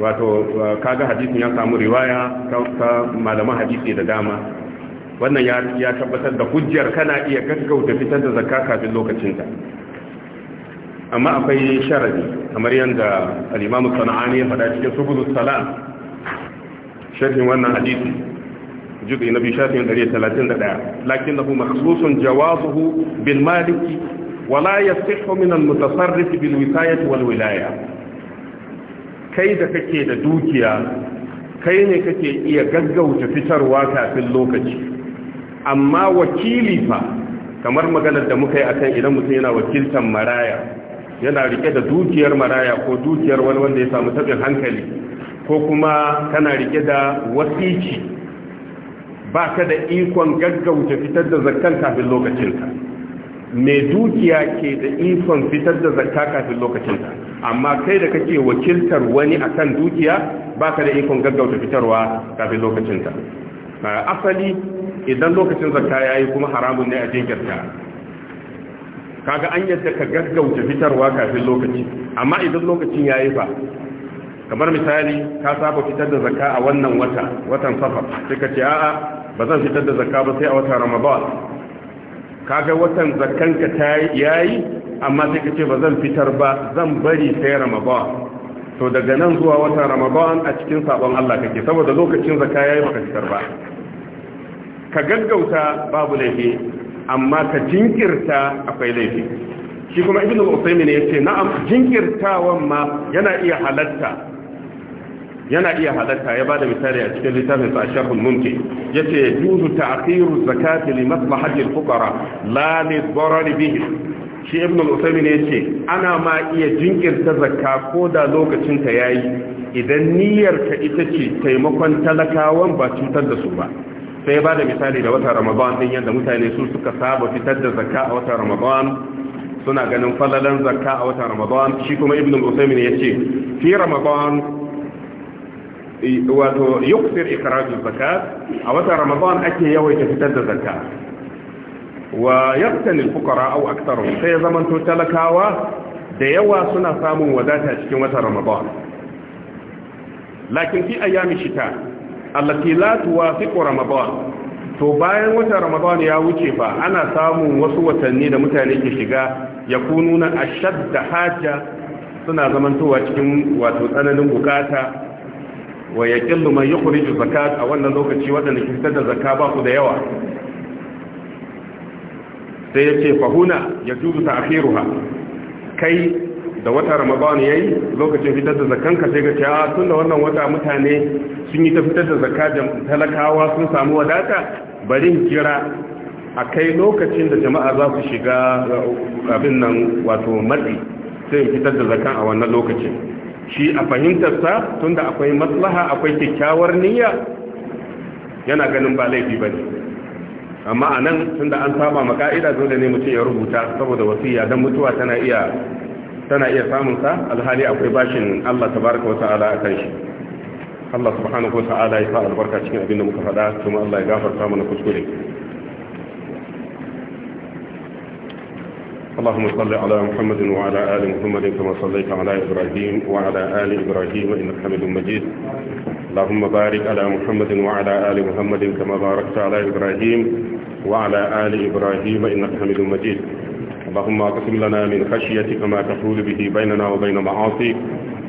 wato uh, kaga hadisin ya samu riwaya ta malaman hadisi da dama wannan ya tabbatar da hujjar kana iya gaggauta fitar da zakka kafin lokacinta amma akwai sharadi kamar yanda al-imamu sana'ani ya faɗa cikin subul salam sharhin wannan hadisi juzu nabi biyu shafin 131 lakin lahu makhsusun jawazuhu bil maliki wala yastahu min al-mutasarrif bil wisayati wal wilaya kai da kake da dukiya kai ne kake iya gaggauta fitarwa kafin lokaci amma wakili fa kamar maganar da muka yi akan idan mutum yana wakiltan maraya yana rike da dukiyar maraya ko dukiyar wani wanda ya samu tabin hankali ko kuma kana rike da wasici ba ka da ikon gaggauta fitar da zakkan kafin lokacinta mai dukiya ke da ikon fitar da zakka kafin lokacinta amma kai da kake wakiltar wani akan dukiya baka da ikon gaggauta fitarwa kafin lokacinta asali idan lokacin zakka yayi kuma haramun ne a jinkirta kaga an yadda ka gaggauta fitarwa kafin lokaci amma idan lokacin yayi fa kamar misali ka saba fitar da zakka a wannan wata watan safar sai ka ce a'a ba zan fitar da zakka ba sai a watan ramadan kaga watan zakanka ta yayi amma sai ka ce ba zan fitar ba zan bari sai ramadan to daga nan zuwa watan ramadan a cikin sabon Allah kake saboda lokacin zakka yayi baka fitar ba ka gaggauta babu laifi amma ka jinkirta akwai laifi shi kuma ibnu usaymin yace na'am jinkirtawan ma yana iya halatta yana iya halatta ya bada misali a cikin littafin sa sharhul mumti yace juzu ta'khiru zakati li maslahati al-fuqara la li darari bihi shi ibn al-usaymin yace ana ma iya jinkirta zakka ko da lokacin ta yayi idan niyyar ka ita ce taimakon talakawan ba cutar da su ba sai ba da misali da watan ramadan din yadda mutane su suka saba fitar da zakka a wata ramadan suna ganin falalan zakka a watan ramadan shi kuma ibn al-usaymin yace fi ramadan wato yuksir ikrajul zakat a watan ramadan ake yawaita fitar da zakka wa yaktani fuqara aw aktharu sai to talakawa da yawa suna samun wadata cikin watan ramadan lakin fi ayami shita allati la tuwafiqu ramadan to bayan watan ramadan ya wuce fa ana samun wasu watanni da mutane ke shiga yakununa ashadda haja suna zamantowa cikin wato tsananin bukata wa yaqillu man yukhriju zakat a wannan lokaci wadanda ke fitar da zakka ba ku da yawa sai yace fa huna yajuzu ta'khiruha kai da wata ramadan yayi lokacin fitar da ka sai ga cewa ah, tunda wannan wata mutane sun yi ta fitar da zakka talakawa sun samu wadata bari kira a kai lokacin da jama'a za su shiga abin nan wato matsi sai fitar da zakan a wannan lokacin shi a fahimtarsa tunda akwai maslaha akwai kyakkyawar niyya yana ganin ba laifi ba ne amma a nan tunda an saba ma ka'ida dole ne mutum ya rubuta saboda wasiya don mutuwa tana iya tana iya sa alhali akwai bashin Allah tabaraka wa ta'ala a kai shi Allah subhanahu wa ta'ala ya sa albarka cikin abin da muka faɗa kuma Allah ya gafarta mana kuskure اللهم صل على محمد وعلى آل محمد كما صليت على إبراهيم وعلى آل إبراهيم إنك حميد مجيد اللهم بارك على محمد وعلى آل محمد كما باركت على إبراهيم وعلى آل إبراهيم إنك حميد مجيد اللهم اقسم لنا من خشيتك ما تحول به بيننا وبين معاصيك